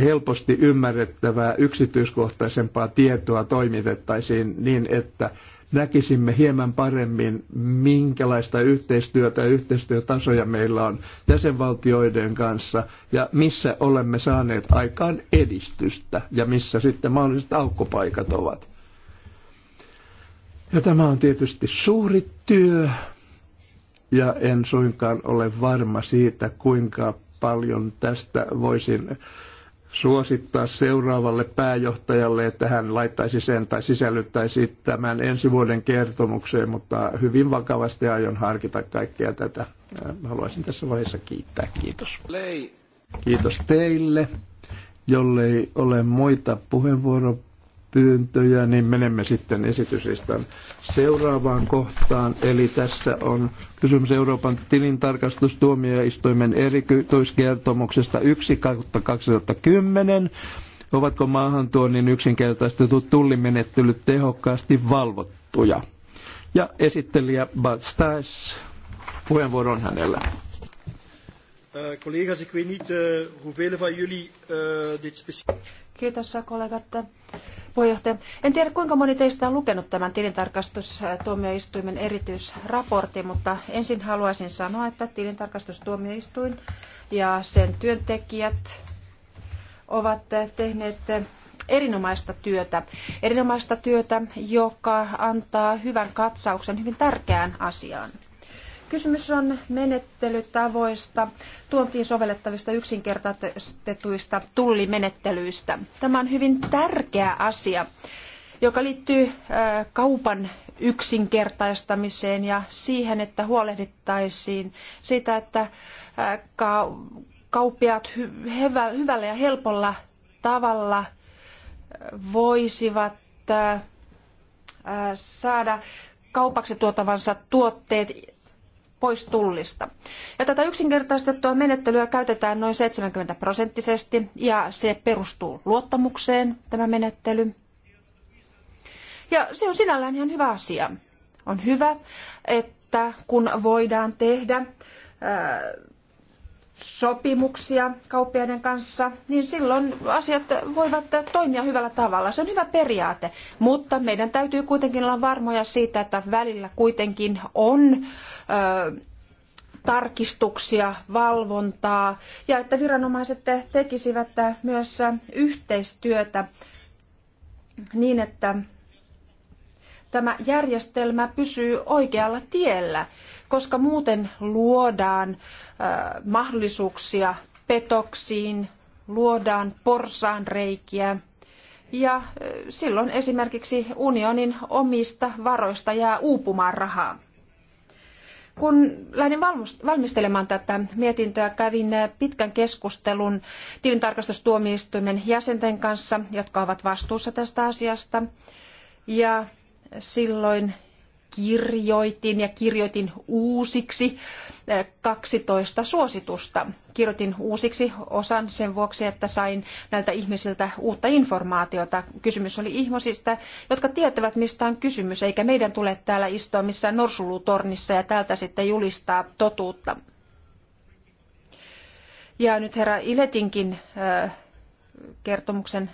helposti ymmärrettävää yksityiskohtaisempaa tietoa toimitettaisiin niin, että näkisimme hieman paremmin, minkälaista yhteistyötä ja yhteistyötasoja meillä on jäsenvaltioiden kanssa ja missä olemme saaneet aikaan edistystä ja missä sitten mahdolliset aukkopaikat ovat. Ja tämä on tietysti suuri työ, ja en suinkaan ole varma siitä, kuinka paljon tästä voisin suosittaa seuraavalle pääjohtajalle, että hän laittaisi sen tai sisällyttäisi tämän ensi vuoden kertomukseen, mutta hyvin vakavasti aion harkita kaikkea tätä. Haluaisin tässä vaiheessa kiittää. Kiitos. Kiitos teille. Jollei ole muita puheenvuoropyyntöjä, pyyntöjä, niin menemme sitten esityslistan seuraavaan kohtaan. Eli tässä on kysymys Euroopan tilintarkastustuomioistuimen erityiskertomuksesta 1 2010. Ovatko maahantuonnin yksinkertaistetut tullimenettelyt tehokkaasti valvottuja? Ja esittelijä Bart Stais, puheenvuoro on hänellä. Collega's, äh, ik weet niet uh, hoeveel van jullie uh, dit specifiek... Kiitos kollegat. Puheenjohtaja, en tiedä kuinka moni teistä on lukenut tämän tilintarkastustuomioistuimen erityisraportin, mutta ensin haluaisin sanoa, että tilintarkastustuomioistuin ja sen työntekijät ovat tehneet erinomaista työtä. Erinomaista työtä, joka antaa hyvän katsauksen hyvin tärkeään asiaan. Kysymys on menettelytavoista, tuontiin sovellettavista yksinkertaistetuista tullimenettelyistä. Tämä on hyvin tärkeä asia, joka liittyy kaupan yksinkertaistamiseen ja siihen, että huolehdittaisiin siitä, että kauppiaat hyvällä ja helpolla tavalla voisivat saada kaupaksi tuotavansa tuotteet pois tullista. Ja tätä yksinkertaistettua menettelyä käytetään noin 70 prosenttisesti ja se perustuu luottamukseen, tämä menettely. Ja se on sinällään ihan hyvä asia. On hyvä, että kun voidaan tehdä sopimuksia kauppiaiden kanssa, niin silloin asiat voivat toimia hyvällä tavalla. Se on hyvä periaate, mutta meidän täytyy kuitenkin olla varmoja siitä, että välillä kuitenkin on ö, tarkistuksia, valvontaa ja että viranomaiset tekisivät myös yhteistyötä niin, että tämä järjestelmä pysyy oikealla tiellä koska muuten luodaan äh, mahdollisuuksia petoksiin, luodaan porsaanreikiä ja äh, silloin esimerkiksi unionin omista varoista jää uupumaan rahaa. Kun lähdin valmistelemaan tätä mietintöä, kävin äh, pitkän keskustelun tilintarkastustuomioistuimen jäsenten kanssa, jotka ovat vastuussa tästä asiasta. Ja silloin kirjoitin ja kirjoitin uusiksi 12 eh, suositusta. Kirjoitin uusiksi osan sen vuoksi, että sain näiltä ihmisiltä uutta informaatiota. Kysymys oli ihmisistä, jotka tietävät mistä on kysymys, eikä meidän tule täällä istua missään norsulutornissa ja täältä sitten julistaa totuutta. Ja nyt herra Iletinkin eh, kertomuksen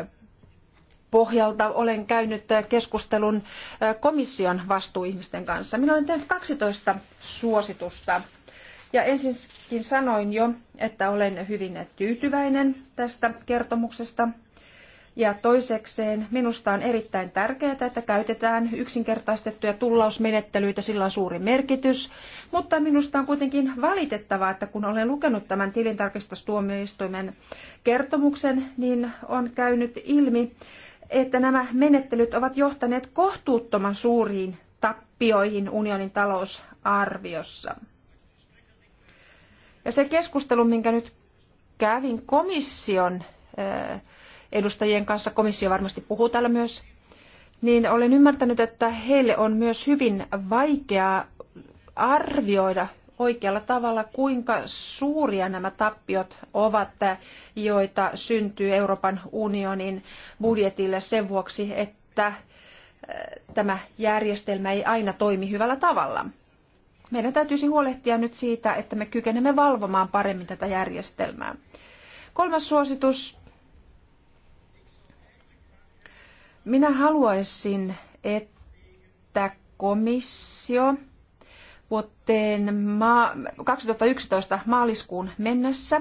eh, pohjalta olen käynyt keskustelun komission vastuuihmisten kanssa. Minä olen tehnyt 12 suositusta. Ja ensinkin sanoin jo, että olen hyvin tyytyväinen tästä kertomuksesta. Ja toisekseen minusta on erittäin tärkeää, että käytetään yksinkertaistettuja tullausmenettelyitä, sillä on suuri merkitys. Mutta minusta on kuitenkin valitettavaa, että kun olen lukenut tämän tilintarkastustuomioistuimen kertomuksen, niin on käynyt ilmi, että nämä menettelyt ovat johtaneet kohtuuttoman suuriin tappioihin unionin talousarviossa. Ja se keskustelu, minkä nyt kävin komission edustajien kanssa, komissio varmasti puhuu täällä myös, niin olen ymmärtänyt, että heille on myös hyvin vaikeaa arvioida oikealla tavalla, kuinka suuria nämä tappiot ovat, joita syntyy Euroopan unionin budjetille sen vuoksi, että äh, tämä järjestelmä ei aina toimi hyvällä tavalla. Meidän täytyisi huolehtia nyt siitä, että me kykenemme valvomaan paremmin tätä järjestelmää. Kolmas suositus. Minä haluaisin, että komissio vuoteen ma- 2011 maaliskuun mennessä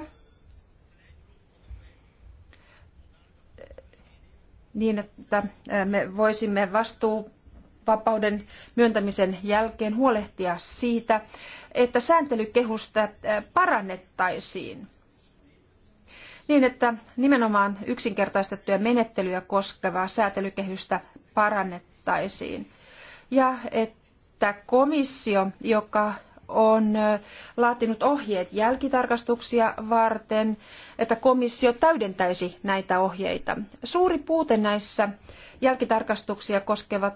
niin, että me voisimme vastuuvapauden myöntämisen jälkeen huolehtia siitä, että sääntelykehusta parannettaisiin niin, että nimenomaan yksinkertaistettuja menettelyjä koskevaa säätelykehystä parannettaisiin ja että että komissio, joka on laatinut ohjeet jälkitarkastuksia varten, että komissio täydentäisi näitä ohjeita. Suuri puute näissä jälkitarkastuksia koskevat,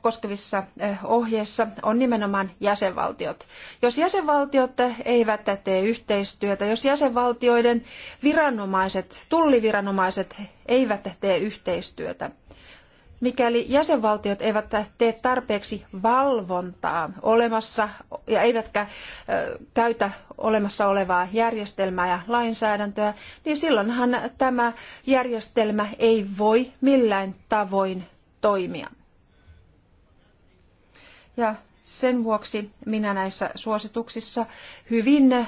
koskevissa ohjeissa on nimenomaan jäsenvaltiot. Jos jäsenvaltiot eivät tee yhteistyötä, jos jäsenvaltioiden viranomaiset, tulliviranomaiset eivät tee yhteistyötä, mikäli jäsenvaltiot eivät tee tarpeeksi valvontaa olemassa ja eivätkä käytä olemassa olevaa järjestelmää ja lainsäädäntöä, niin silloinhan tämä järjestelmä ei voi millään tavoin toimia. Ja sen vuoksi minä näissä suosituksissa hyvin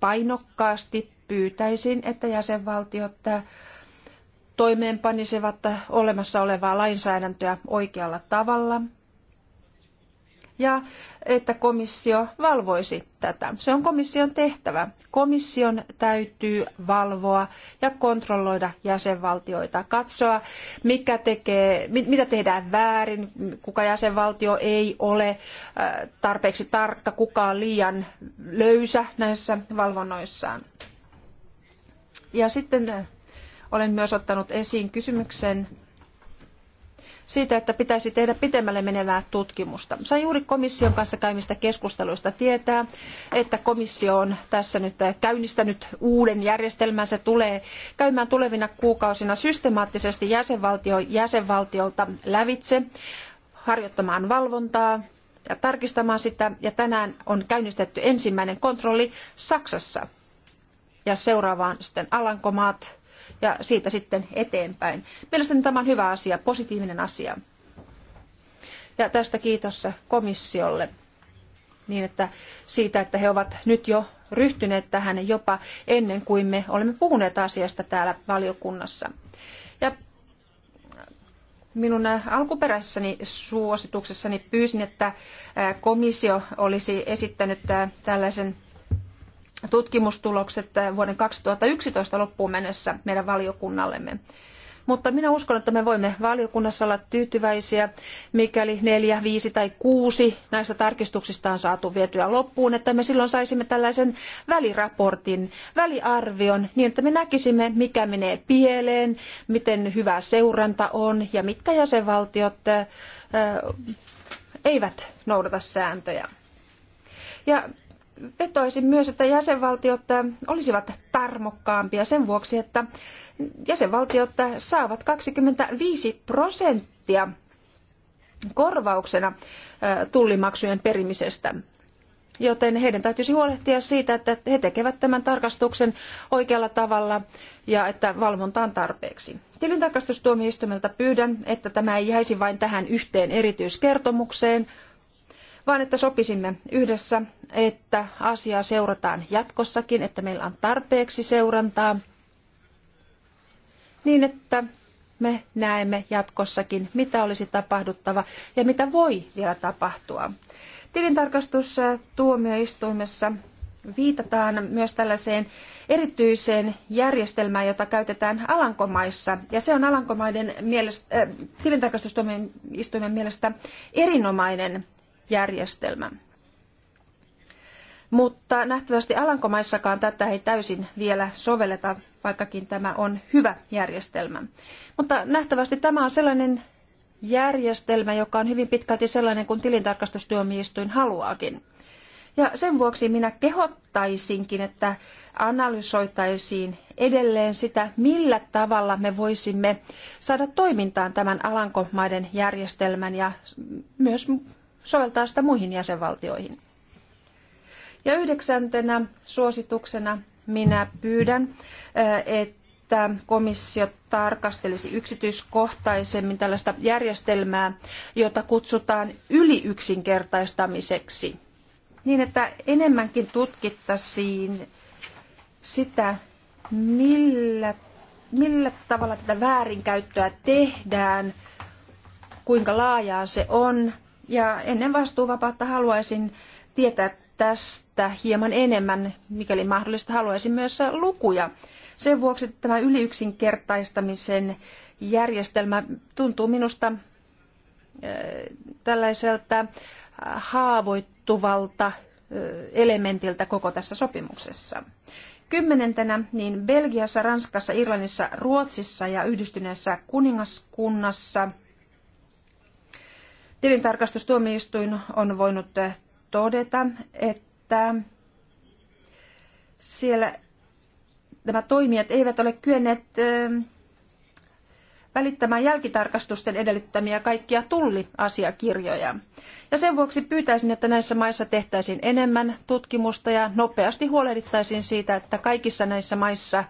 painokkaasti pyytäisin, että jäsenvaltiot toimeenpanisivat olemassa olevaa lainsäädäntöä oikealla tavalla ja että komissio valvoisi tätä. Se on komission tehtävä. Komission täytyy valvoa ja kontrolloida jäsenvaltioita, katsoa mikä tekee, mitä tehdään väärin, kuka jäsenvaltio ei ole äh, tarpeeksi tarkka, kuka on liian löysä näissä valvonnoissaan. Ja sitten olen myös ottanut esiin kysymyksen siitä, että pitäisi tehdä pitemmälle menevää tutkimusta. Sain juuri komission kanssa käymistä keskusteluista tietää, että komissio on tässä nyt käynnistänyt uuden järjestelmän. Se tulee käymään tulevina kuukausina systemaattisesti jäsenvaltio jäsenvaltiolta lävitse harjoittamaan valvontaa ja tarkistamaan sitä. Ja tänään on käynnistetty ensimmäinen kontrolli Saksassa ja seuraavaan sitten Alankomaat, ja siitä sitten eteenpäin. Mielestäni tämä on hyvä asia, positiivinen asia. Ja tästä kiitos komissiolle niin että siitä, että he ovat nyt jo ryhtyneet tähän jopa ennen kuin me olemme puhuneet asiasta täällä valiokunnassa. Ja minun alkuperäisessäni suosituksessani pyysin, että komissio olisi esittänyt tällaisen tutkimustulokset eh, vuoden 2011 loppuun mennessä meidän valiokunnallemme. Mutta minä uskon, että me voimme valiokunnassa olla tyytyväisiä, mikäli neljä, viisi tai kuusi näistä tarkistuksista on saatu vietyä loppuun, että me silloin saisimme tällaisen väliraportin, väliarvion, niin että me näkisimme, mikä menee pieleen, miten hyvä seuranta on ja mitkä jäsenvaltiot eh, eh, eivät noudata sääntöjä. Ja vetoisin myös, että jäsenvaltiot äh, olisivat tarmokkaampia sen vuoksi, että jäsenvaltiot saavat 25 prosenttia korvauksena äh, tullimaksujen perimisestä. Joten heidän täytyisi huolehtia siitä, että he tekevät tämän tarkastuksen oikealla tavalla ja että valvonta on tarpeeksi. Tilintarkastustuomioistuimelta pyydän, että tämä ei jäisi vain tähän yhteen erityiskertomukseen, vaan että sopisimme yhdessä, että asiaa seurataan jatkossakin, että meillä on tarpeeksi seurantaa, niin että me näemme jatkossakin, mitä olisi tapahduttava ja mitä voi vielä tapahtua. Tilintarkastus tuomioistuimessa viitataan myös tällaiseen erityiseen järjestelmään, jota käytetään Alankomaissa. Ja se on Alankomaiden mielestä, äh, tilintarkastustuomioistuimen mielestä erinomainen järjestelmä. Mutta nähtävästi Alankomaissakaan tätä ei täysin vielä sovelleta, vaikkakin tämä on hyvä järjestelmä. Mutta nähtävästi tämä on sellainen järjestelmä, joka on hyvin pitkälti sellainen kuin tilintarkastustuomioistuin haluaakin. Ja sen vuoksi minä kehottaisinkin, että analysoitaisiin edelleen sitä, millä tavalla me voisimme saada toimintaan tämän Alankomaiden järjestelmän ja myös soveltaa sitä muihin jäsenvaltioihin. Ja yhdeksäntenä suosituksena minä pyydän, eh, että komissio tarkastelisi yksityiskohtaisemmin tällaista järjestelmää, jota kutsutaan yliyksinkertaistamiseksi, niin että enemmänkin tutkittaisiin sitä, millä, millä tavalla tätä väärinkäyttöä tehdään, kuinka laajaa se on ja ennen vastuuvapautta haluaisin tietää tästä hieman enemmän, mikäli mahdollista haluaisin myös lukuja. Sen vuoksi tämä yliyksinkertaistamisen järjestelmä tuntuu minusta äh, tällaiselta haavoittuvalta äh, elementiltä koko tässä sopimuksessa. Kymmenentenä niin Belgiassa, Ranskassa, Irlannissa, Ruotsissa ja yhdistyneessä kuningaskunnassa – Tilintarkastustuomioistuin on voinut todeta, että siellä nämä toimijat eivät ole kyenneet välittämään jälkitarkastusten edellyttämiä kaikkia tulliasiakirjoja. Ja sen vuoksi pyytäisin, että näissä maissa tehtäisiin enemmän tutkimusta ja nopeasti huolehdittaisiin siitä, että kaikissa näissä maissa –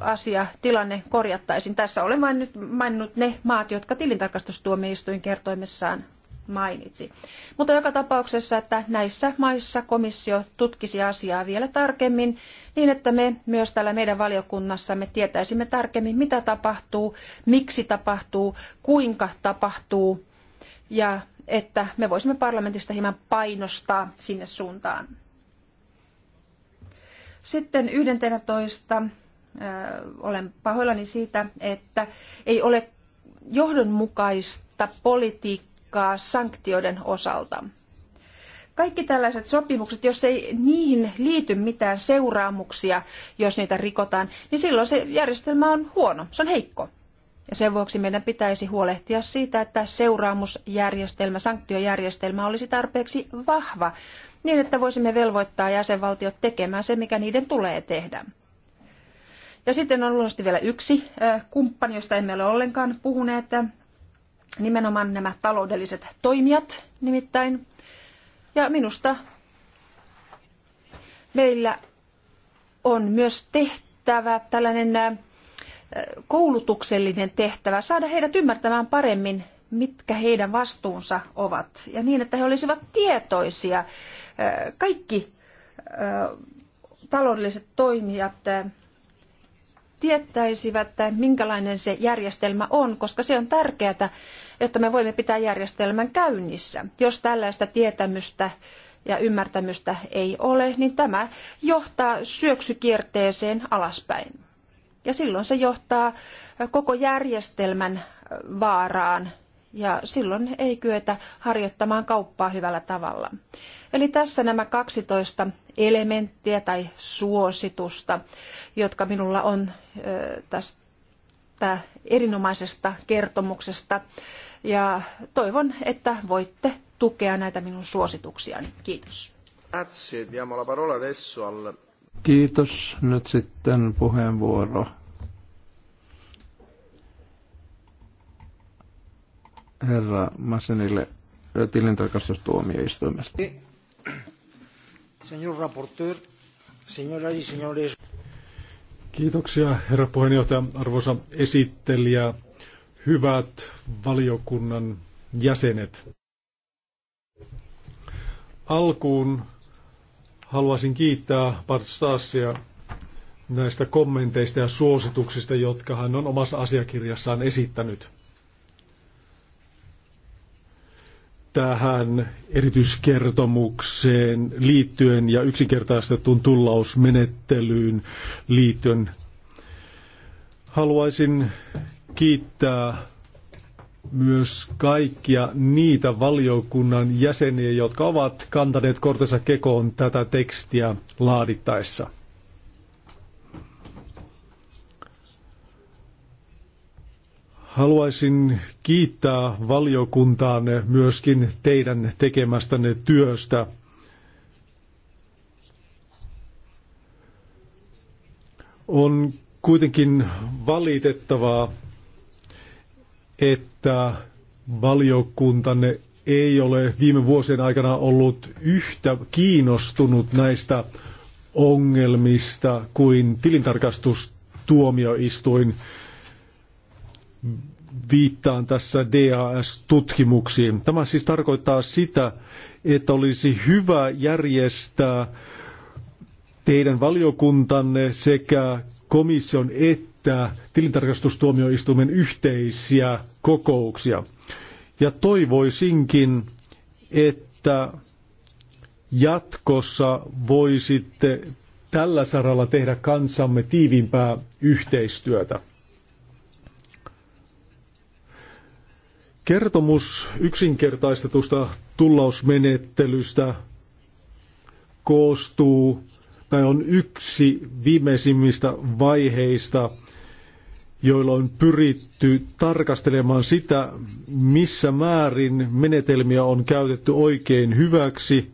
asia, tilanne korjattaisiin. Tässä olen nyt maininnut ne maat, jotka tilintarkastustuomioistuin kertoimessaan mainitsi. Mutta joka tapauksessa, että näissä maissa komissio tutkisi asiaa vielä tarkemmin, niin että me myös täällä meidän valiokunnassamme tietäisimme tarkemmin, mitä tapahtuu, miksi tapahtuu, kuinka tapahtuu, ja että me voisimme parlamentista hieman painostaa sinne suuntaan. Sitten 11. Olen pahoillani siitä, että ei ole johdonmukaista politiikkaa sanktioiden osalta. Kaikki tällaiset sopimukset, jos ei niihin liity mitään seuraamuksia, jos niitä rikotaan, niin silloin se järjestelmä on huono, se on heikko. Ja sen vuoksi meidän pitäisi huolehtia siitä, että seuraamusjärjestelmä, sanktiojärjestelmä olisi tarpeeksi vahva, niin että voisimme velvoittaa jäsenvaltiot tekemään se, mikä niiden tulee tehdä. Ja sitten on luonnollisesti vielä yksi kumppani, josta emme ole ollenkaan puhuneet, nimenomaan nämä taloudelliset toimijat nimittäin. Ja minusta meillä on myös tehtävä tällainen koulutuksellinen tehtävä saada heidät ymmärtämään paremmin, mitkä heidän vastuunsa ovat. Ja niin, että he olisivat tietoisia. Kaikki taloudelliset toimijat tietäisivät, minkälainen se järjestelmä on, koska se on tärkeää, jotta me voimme pitää järjestelmän käynnissä. Jos tällaista tietämystä ja ymmärtämystä ei ole, niin tämä johtaa syöksykierteeseen alaspäin. Ja silloin se johtaa koko järjestelmän vaaraan ja silloin ei kyetä harjoittamaan kauppaa hyvällä tavalla. Eli tässä nämä 12 elementtiä tai suositusta, jotka minulla on tästä erinomaisesta kertomuksesta. Ja toivon, että voitte tukea näitä minun suosituksiani. Kiitos. Kiitos. Nyt sitten puheenvuoro herra Massenille tilintarkastustuomioistuimesta. Señor raporteur, señoras y señores. Kiitoksia herra puheenjohtaja, arvoisa esittelijä, hyvät valiokunnan jäsenet. Alkuun haluaisin kiittää Bart näistä kommenteista ja suosituksista, jotka hän on omassa asiakirjassaan esittänyt. tähän erityiskertomukseen liittyen ja yksinkertaistettuun tullausmenettelyyn liittyen. Haluaisin kiittää myös kaikkia niitä valiokunnan jäseniä, jotka ovat kantaneet kortensa kekoon tätä tekstiä laadittaessa. Haluaisin kiittää valiokuntaanne myöskin teidän tekemästänne työstä. On kuitenkin valitettavaa, että valiokuntanne ei ole viime vuosien aikana ollut yhtä kiinnostunut näistä ongelmista kuin tilintarkastustuomioistuin viittaan tässä DAS-tutkimuksiin. Tämä siis tarkoittaa sitä, että olisi hyvä järjestää teidän valiokuntanne sekä komission että tilintarkastustuomioistuimen yhteisiä kokouksia. Ja toivoisinkin, että jatkossa voisitte tällä saralla tehdä kansamme tiiviimpää yhteistyötä. Kertomus yksinkertaistetusta tullausmenettelystä koostuu tai on yksi viimeisimmistä vaiheista, joilla on pyritty tarkastelemaan sitä, missä määrin menetelmiä on käytetty oikein hyväksi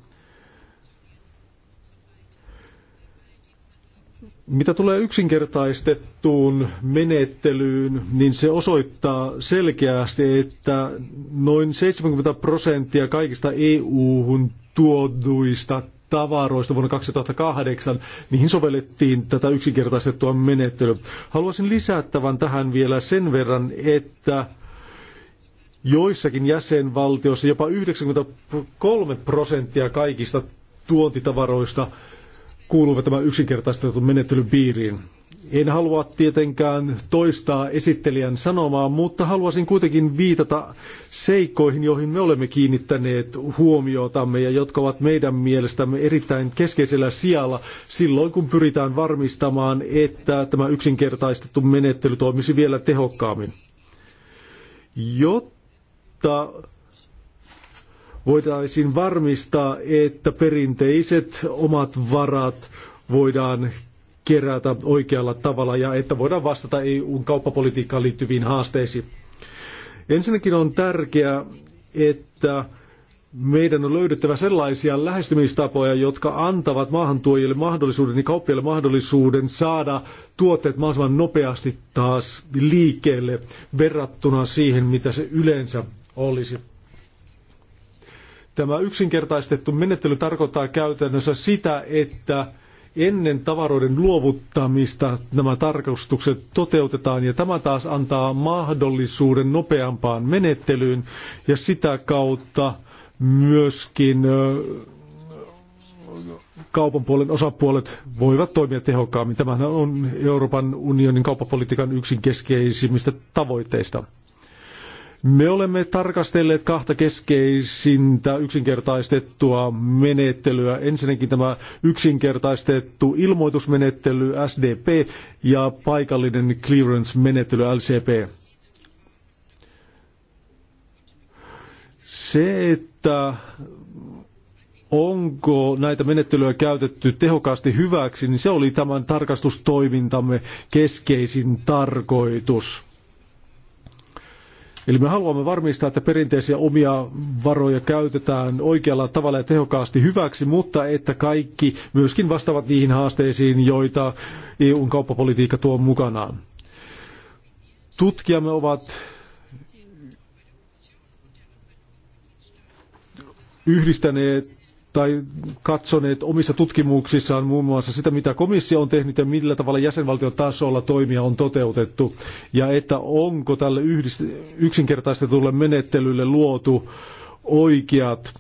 Mitä tulee yksinkertaistettuun menettelyyn, niin se osoittaa selkeästi, että noin 70 prosenttia kaikista EU-hun tuoduista tavaroista vuonna 2008, niihin sovellettiin tätä yksinkertaistettua menettelyä. Haluaisin lisättävän tähän vielä sen verran, että joissakin jäsenvaltioissa jopa 93 prosenttia kaikista tuontitavaroista – kuuluvat tämän yksinkertaistetun menettelyn piiriin. En halua tietenkään toistaa esittelijän sanomaa, mutta haluaisin kuitenkin viitata seikkoihin, joihin me olemme kiinnittäneet huomiotamme ja jotka ovat meidän mielestämme erittäin keskeisellä sijalla silloin, kun pyritään varmistamaan, että tämä yksinkertaistettu menettely toimisi vielä tehokkaammin. Jotta voitaisiin varmistaa, että perinteiset omat varat voidaan kerätä oikealla tavalla ja että voidaan vastata EUn kauppapolitiikkaan liittyviin haasteisiin. Ensinnäkin on tärkeää, että meidän on löydettävä sellaisia lähestymistapoja, jotka antavat maahantuojille mahdollisuuden ja kauppiaille mahdollisuuden saada tuotteet mahdollisimman nopeasti taas liikkeelle verrattuna siihen, mitä se yleensä olisi. Tämä yksinkertaistettu menettely tarkoittaa käytännössä sitä, että ennen tavaroiden luovuttamista nämä tarkastukset toteutetaan ja tämä taas antaa mahdollisuuden nopeampaan menettelyyn ja sitä kautta myöskin kaupan puolen osapuolet voivat toimia tehokkaammin. Tämähän on Euroopan unionin kauppapolitiikan yksin keskeisimmistä tavoitteista. Me olemme tarkastelleet kahta keskeisintä yksinkertaistettua menettelyä. Ensinnäkin tämä yksinkertaistettu ilmoitusmenettely SDP ja paikallinen clearance-menettely LCP. Se, että onko näitä menettelyjä käytetty tehokkaasti hyväksi, niin se oli tämän tarkastustoimintamme keskeisin tarkoitus. Eli me haluamme varmistaa, että perinteisiä omia varoja käytetään oikealla tavalla ja tehokkaasti hyväksi, mutta että kaikki myöskin vastaavat niihin haasteisiin, joita EUn kauppapolitiikka tuo mukanaan. Tutkijamme ovat yhdistäneet tai katsoneet omissa tutkimuksissaan muun muassa sitä, mitä komissio on tehnyt ja millä tavalla jäsenvaltion tasolla toimia on toteutettu, ja että onko tälle yksinkertaistetulle menettelylle luotu oikeat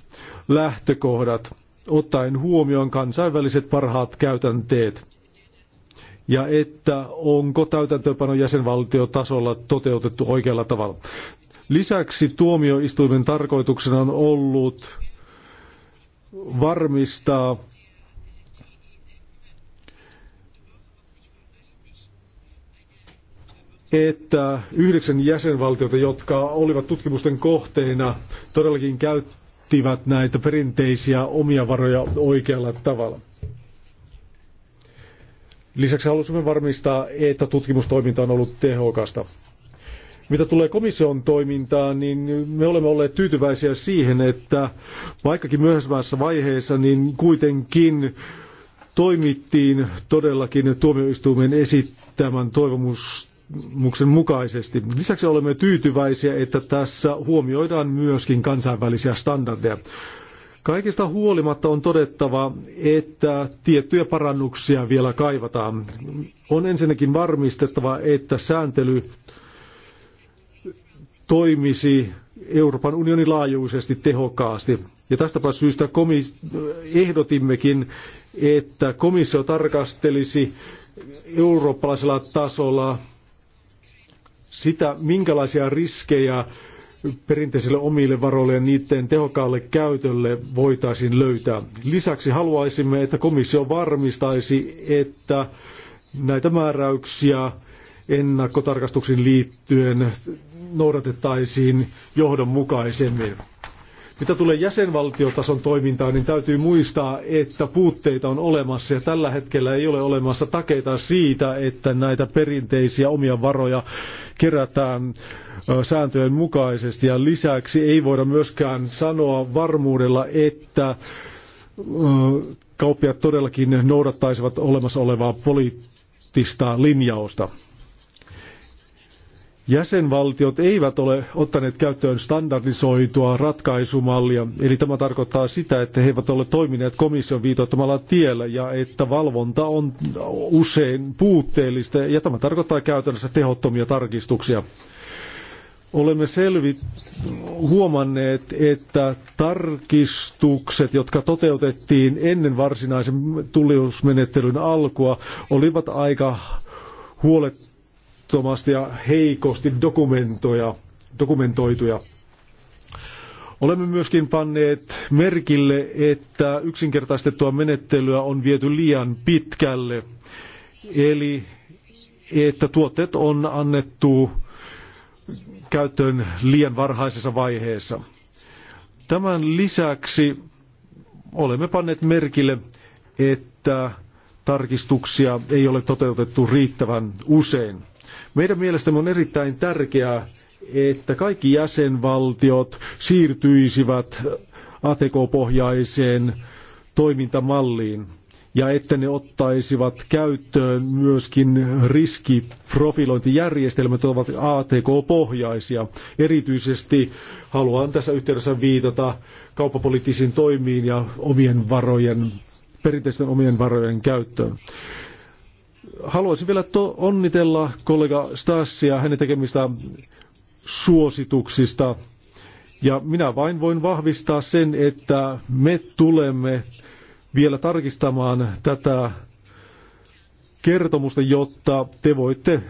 lähtökohdat, ottaen huomioon kansainväliset parhaat käytänteet, ja että onko täytäntöönpano tasolla toteutettu oikealla tavalla. Lisäksi tuomioistuimen tarkoituksena on ollut varmistaa että yhdeksän jäsenvaltiota, jotka olivat tutkimusten kohteena, todellakin käyttivät näitä perinteisiä omia varoja oikealla tavalla. Lisäksi halusimme varmistaa, että tutkimustoiminta on ollut tehokasta. Mitä tulee komission toimintaan, niin me olemme olleet tyytyväisiä siihen, että vaikkakin myöhemmässä vaiheessa, niin kuitenkin toimittiin todellakin tuomioistuimen esittämän toivomuksen mukaisesti. Lisäksi olemme tyytyväisiä, että tässä huomioidaan myöskin kansainvälisiä standardeja. Kaikesta huolimatta on todettava, että tiettyjä parannuksia vielä kaivataan. On ensinnäkin varmistettava, että sääntely toimisi Euroopan unionin laajuisesti tehokkaasti. Ja tästä syystä komis- ehdotimmekin, että komissio tarkastelisi eurooppalaisella tasolla sitä, minkälaisia riskejä perinteisille omille varoille ja niiden tehokkaalle käytölle voitaisiin löytää. Lisäksi haluaisimme, että komissio varmistaisi, että näitä määräyksiä ennakkotarkastuksiin liittyen noudatettaisiin johdonmukaisemmin. Mitä tulee jäsenvaltiotason toimintaan, niin täytyy muistaa, että puutteita on olemassa ja tällä hetkellä ei ole olemassa takeita siitä, että näitä perinteisiä omia varoja kerätään sääntöjen mukaisesti ja lisäksi ei voida myöskään sanoa varmuudella, että kauppiaat todellakin noudattaisivat olemassa olevaa poliittista linjausta jäsenvaltiot eivät ole ottaneet käyttöön standardisoitua ratkaisumallia, eli tämä tarkoittaa sitä, että he eivät ole toimineet komission viitoittamalla tiellä ja että valvonta on usein puutteellista ja tämä tarkoittaa käytännössä tehottomia tarkistuksia. Olemme selvit, huomanneet, että tarkistukset, jotka toteutettiin ennen varsinaisen tulliusmenettelyn alkua, olivat aika huolettomia tehottomasti ja heikosti dokumentoja, dokumentoituja. Olemme myöskin panneet merkille, että yksinkertaistettua menettelyä on viety liian pitkälle, eli että tuotteet on annettu käyttöön liian varhaisessa vaiheessa. Tämän lisäksi olemme panneet merkille, että tarkistuksia ei ole toteutettu riittävän usein. Meidän mielestämme on erittäin tärkeää, että kaikki jäsenvaltiot siirtyisivät ATK-pohjaiseen toimintamalliin ja että ne ottaisivat käyttöön myöskin riskiprofilointijärjestelmät, jotka ovat ATK-pohjaisia. Erityisesti haluan tässä yhteydessä viitata kauppapoliittisiin toimiin ja omien varojen, perinteisten omien varojen käyttöön haluaisin vielä to- onnitella kollega Stassia hänen tekemistä suosituksista. Ja minä vain voin vahvistaa sen, että me tulemme vielä tarkistamaan tätä kertomusta, jotta te voitte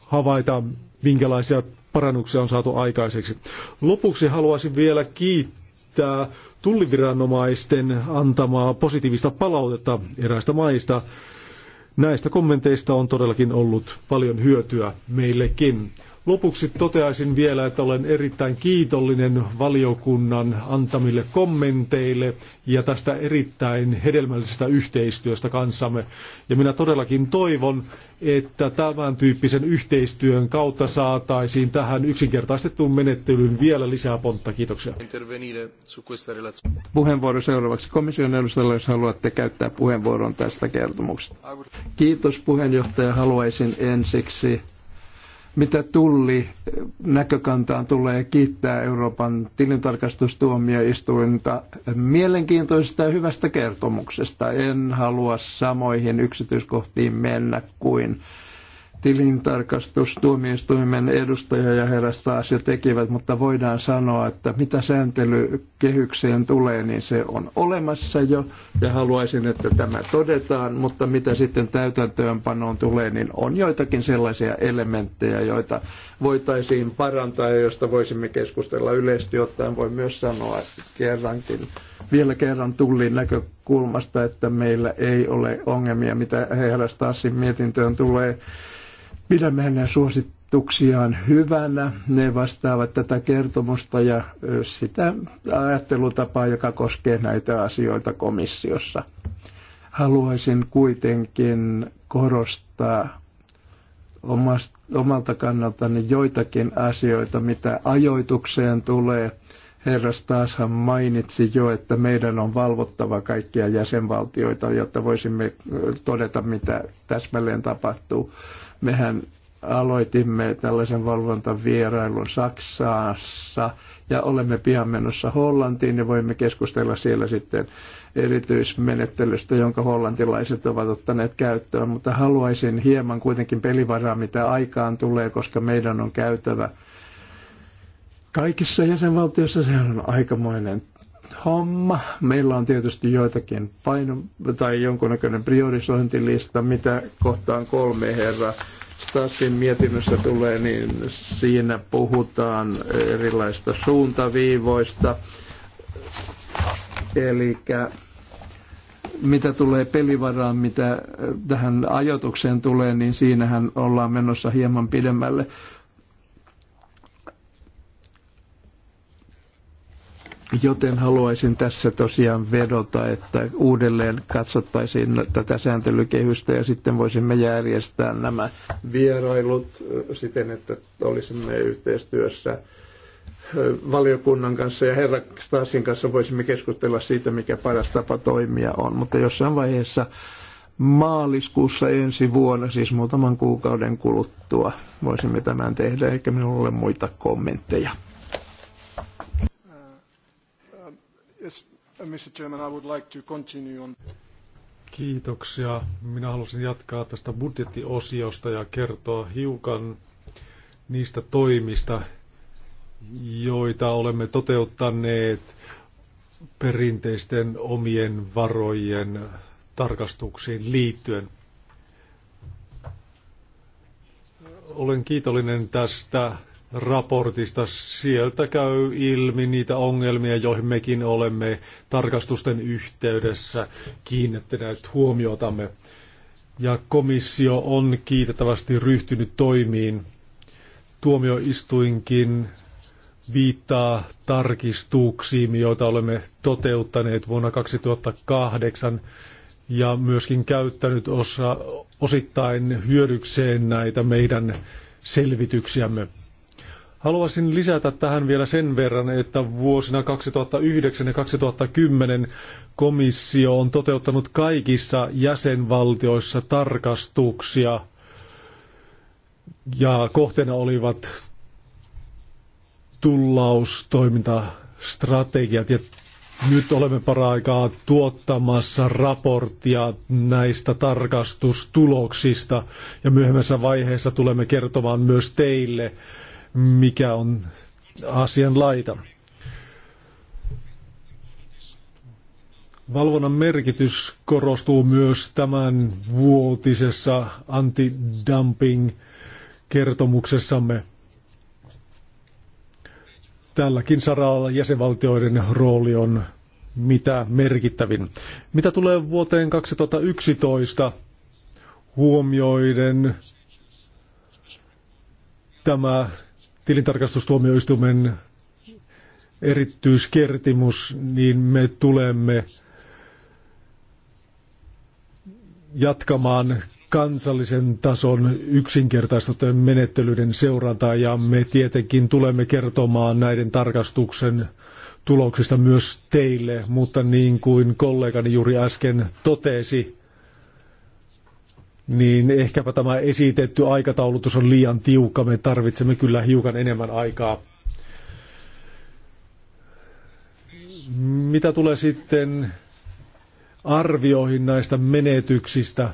havaita, minkälaisia parannuksia on saatu aikaiseksi. Lopuksi haluaisin vielä kiittää tulliviranomaisten antamaa positiivista palautetta eräistä maista. Näistä kommenteista on todellakin ollut paljon hyötyä meillekin. Lopuksi toteaisin vielä, että olen erittäin kiitollinen valiokunnan antamille kommenteille ja tästä erittäin hedelmällisestä yhteistyöstä kanssamme. Ja minä todellakin toivon, että tämän tyyppisen yhteistyön kautta saataisiin tähän yksinkertaistettuun menettelyyn vielä lisää pontta. Kiitoksia. Puheenvuoro seuraavaksi. Komission edustajalle, jos haluatte käyttää puheenvuoron tästä kertomuksesta. Kiitos puheenjohtaja. Haluaisin ensiksi mitä tulli näkökantaan tulee kiittää Euroopan tilintarkastustuomioistuinta mielenkiintoisesta ja hyvästä kertomuksesta. En halua samoihin yksityiskohtiin mennä kuin tilintarkastustuomioistuimen edustaja ja herra jo tekivät, mutta voidaan sanoa, että mitä sääntelykehykseen tulee, niin se on olemassa jo ja haluaisin, että tämä todetaan, mutta mitä sitten täytäntöönpanoon tulee, niin on joitakin sellaisia elementtejä, joita voitaisiin parantaa ja joista voisimme keskustella yleisesti ottaen. Voi myös sanoa kerrankin, vielä kerran tullin näkökulmasta, että meillä ei ole ongelmia, mitä herra Stassin mietintöön tulee Pidämme hänen suosituksiaan hyvänä. Ne vastaavat tätä kertomusta ja sitä ajattelutapaa, joka koskee näitä asioita komissiossa. Haluaisin kuitenkin korostaa omalta kannaltani joitakin asioita, mitä ajoitukseen tulee – Herras taashan mainitsi jo, että meidän on valvottava kaikkia jäsenvaltioita, jotta voisimme todeta, mitä täsmälleen tapahtuu. Mehän aloitimme tällaisen valvontavierailun Saksassa ja olemme pian menossa Hollantiin ja voimme keskustella siellä sitten erityismenettelystä, jonka hollantilaiset ovat ottaneet käyttöön, mutta haluaisin hieman kuitenkin pelivaraa, mitä aikaan tulee, koska meidän on käytävä – kaikissa jäsenvaltioissa. Sehän on aikamoinen homma. Meillä on tietysti joitakin paino- tai jonkunnäköinen priorisointilista, mitä kohtaan kolme herra Stassin mietinnössä tulee, niin siinä puhutaan erilaista suuntaviivoista. Eli mitä tulee pelivaraan, mitä tähän ajotukseen tulee, niin siinähän ollaan menossa hieman pidemmälle. Joten haluaisin tässä tosiaan vedota, että uudelleen katsottaisiin tätä sääntelykehystä ja sitten voisimme järjestää nämä vierailut siten, että olisimme yhteistyössä valiokunnan kanssa ja herra Stasin kanssa voisimme keskustella siitä, mikä paras tapa toimia on. Mutta jossain vaiheessa maaliskuussa ensi vuonna, siis muutaman kuukauden kuluttua, voisimme tämän tehdä, eikä minulla ole muita kommentteja. Uh, Mr. Chairman, I would like to continue on... Kiitoksia. Minä halusin jatkaa tästä budjettiosiosta ja kertoa hiukan niistä toimista, joita olemme toteuttaneet perinteisten omien varojen tarkastuksiin liittyen. Olen kiitollinen tästä raportista. Sieltä käy ilmi niitä ongelmia, joihin mekin olemme tarkastusten yhteydessä kiinnittäneet huomiotamme. Ja komissio on kiitettävästi ryhtynyt toimiin. Tuomioistuinkin viittaa tarkistuksiin, joita olemme toteuttaneet vuonna 2008 ja myöskin käyttänyt osa, osittain hyödykseen näitä meidän selvityksiämme. Haluaisin lisätä tähän vielä sen verran, että vuosina 2009 ja 2010 komissio on toteuttanut kaikissa jäsenvaltioissa tarkastuksia ja kohteena olivat tullaustoimintastrategiat ja nyt olemme paraikaa tuottamassa raporttia näistä tarkastustuloksista ja myöhemmässä vaiheessa tulemme kertomaan myös teille mikä on asian laita. Valvonnan merkitys korostuu myös tämän vuotisessa anti-dumping kertomuksessamme. Tälläkin saralla jäsenvaltioiden rooli on mitä merkittävin. Mitä tulee vuoteen 2011 huomioiden tämä tilintarkastustuomioistuimen erityiskertimus, niin me tulemme jatkamaan kansallisen tason yksinkertaistettujen menettelyiden seurantaa ja me tietenkin tulemme kertomaan näiden tarkastuksen tuloksista myös teille, mutta niin kuin kollegani juuri äsken totesi, niin ehkäpä tämä esitetty aikataulutus on liian tiukka. Me tarvitsemme kyllä hiukan enemmän aikaa. Mitä tulee sitten arvioihin näistä menetyksistä,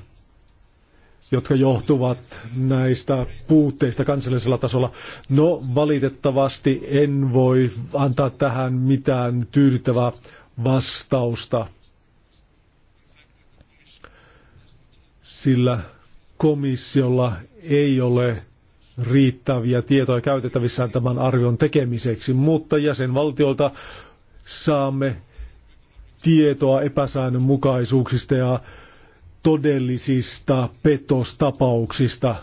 jotka johtuvat näistä puutteista kansallisella tasolla. No, valitettavasti en voi antaa tähän mitään tyydyttävää vastausta. sillä komissiolla ei ole riittäviä tietoja käytettävissään tämän arvion tekemiseksi, mutta jäsenvaltiolta saamme tietoa epäsäännönmukaisuuksista ja todellisista petostapauksista,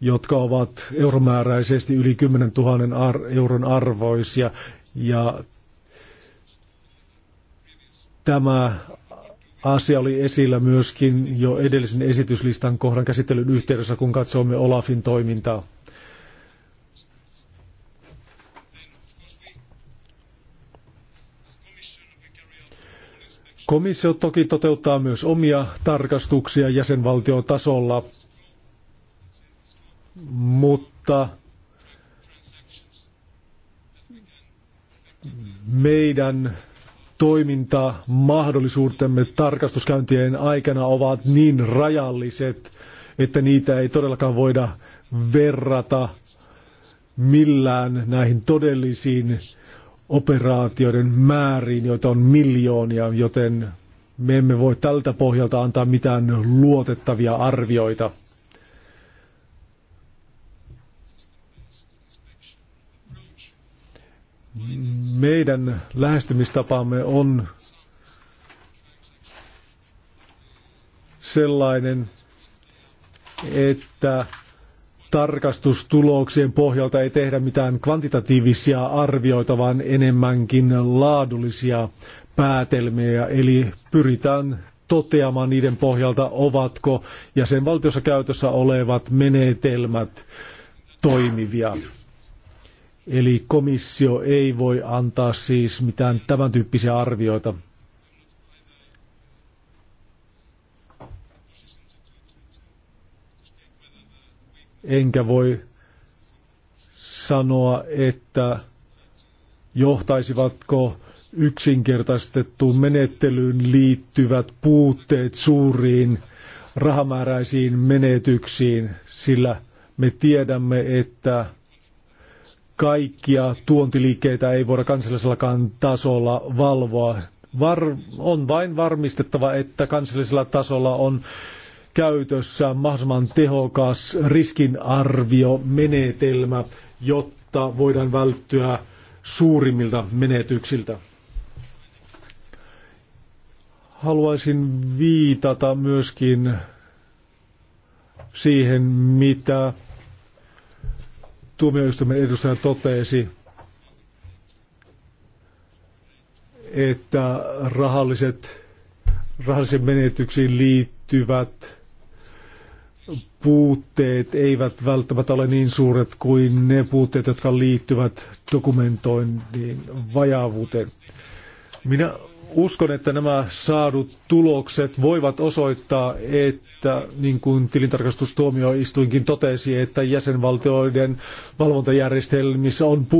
jotka ovat euromääräisesti yli 10 000 euron arvoisia. Ja tämä Asia oli esillä myöskin jo edellisen esityslistan kohdan käsittelyn yhteydessä, kun katsomme Olafin toimintaa. Komissio toki toteuttaa myös omia tarkastuksia jäsenvaltion tasolla, mutta meidän toiminta mahdollisuutemme tarkastuskäyntien aikana ovat niin rajalliset, että niitä ei todellakaan voida verrata millään näihin todellisiin operaatioiden määriin, joita on miljoonia, joten me emme voi tältä pohjalta antaa mitään luotettavia arvioita. meidän lähestymistapamme on sellainen, että tarkastustuloksien pohjalta ei tehdä mitään kvantitatiivisia arvioita, vaan enemmänkin laadullisia päätelmiä, eli pyritään toteamaan niiden pohjalta, ovatko jäsenvaltiossa käytössä olevat menetelmät toimivia. Eli komissio ei voi antaa siis mitään tämän tyyppisiä arvioita. Enkä voi sanoa, että johtaisivatko yksinkertaistettuun menettelyyn liittyvät puutteet suuriin rahamääräisiin menetyksiin, sillä me tiedämme, että kaikkia tuontiliikkeitä ei voida kansallisellakaan tasolla valvoa. Var, on vain varmistettava, että kansallisella tasolla on käytössä mahdollisimman tehokas riskinarviomenetelmä, jotta voidaan välttyä suurimmilta menetyksiltä. Haluaisin viitata myöskin siihen, mitä tuomioistuimen edustaja totesi, että rahalliset, rahallisiin menetyksiin liittyvät puutteet eivät välttämättä ole niin suuret kuin ne puutteet, jotka liittyvät dokumentoinnin vajavuuteen. Minä uskon, että nämä saadut tulokset voivat osoittaa, että niin kuin tilintarkastustuomioistuinkin totesi, että jäsenvaltioiden valvontajärjestelmissä on puutteita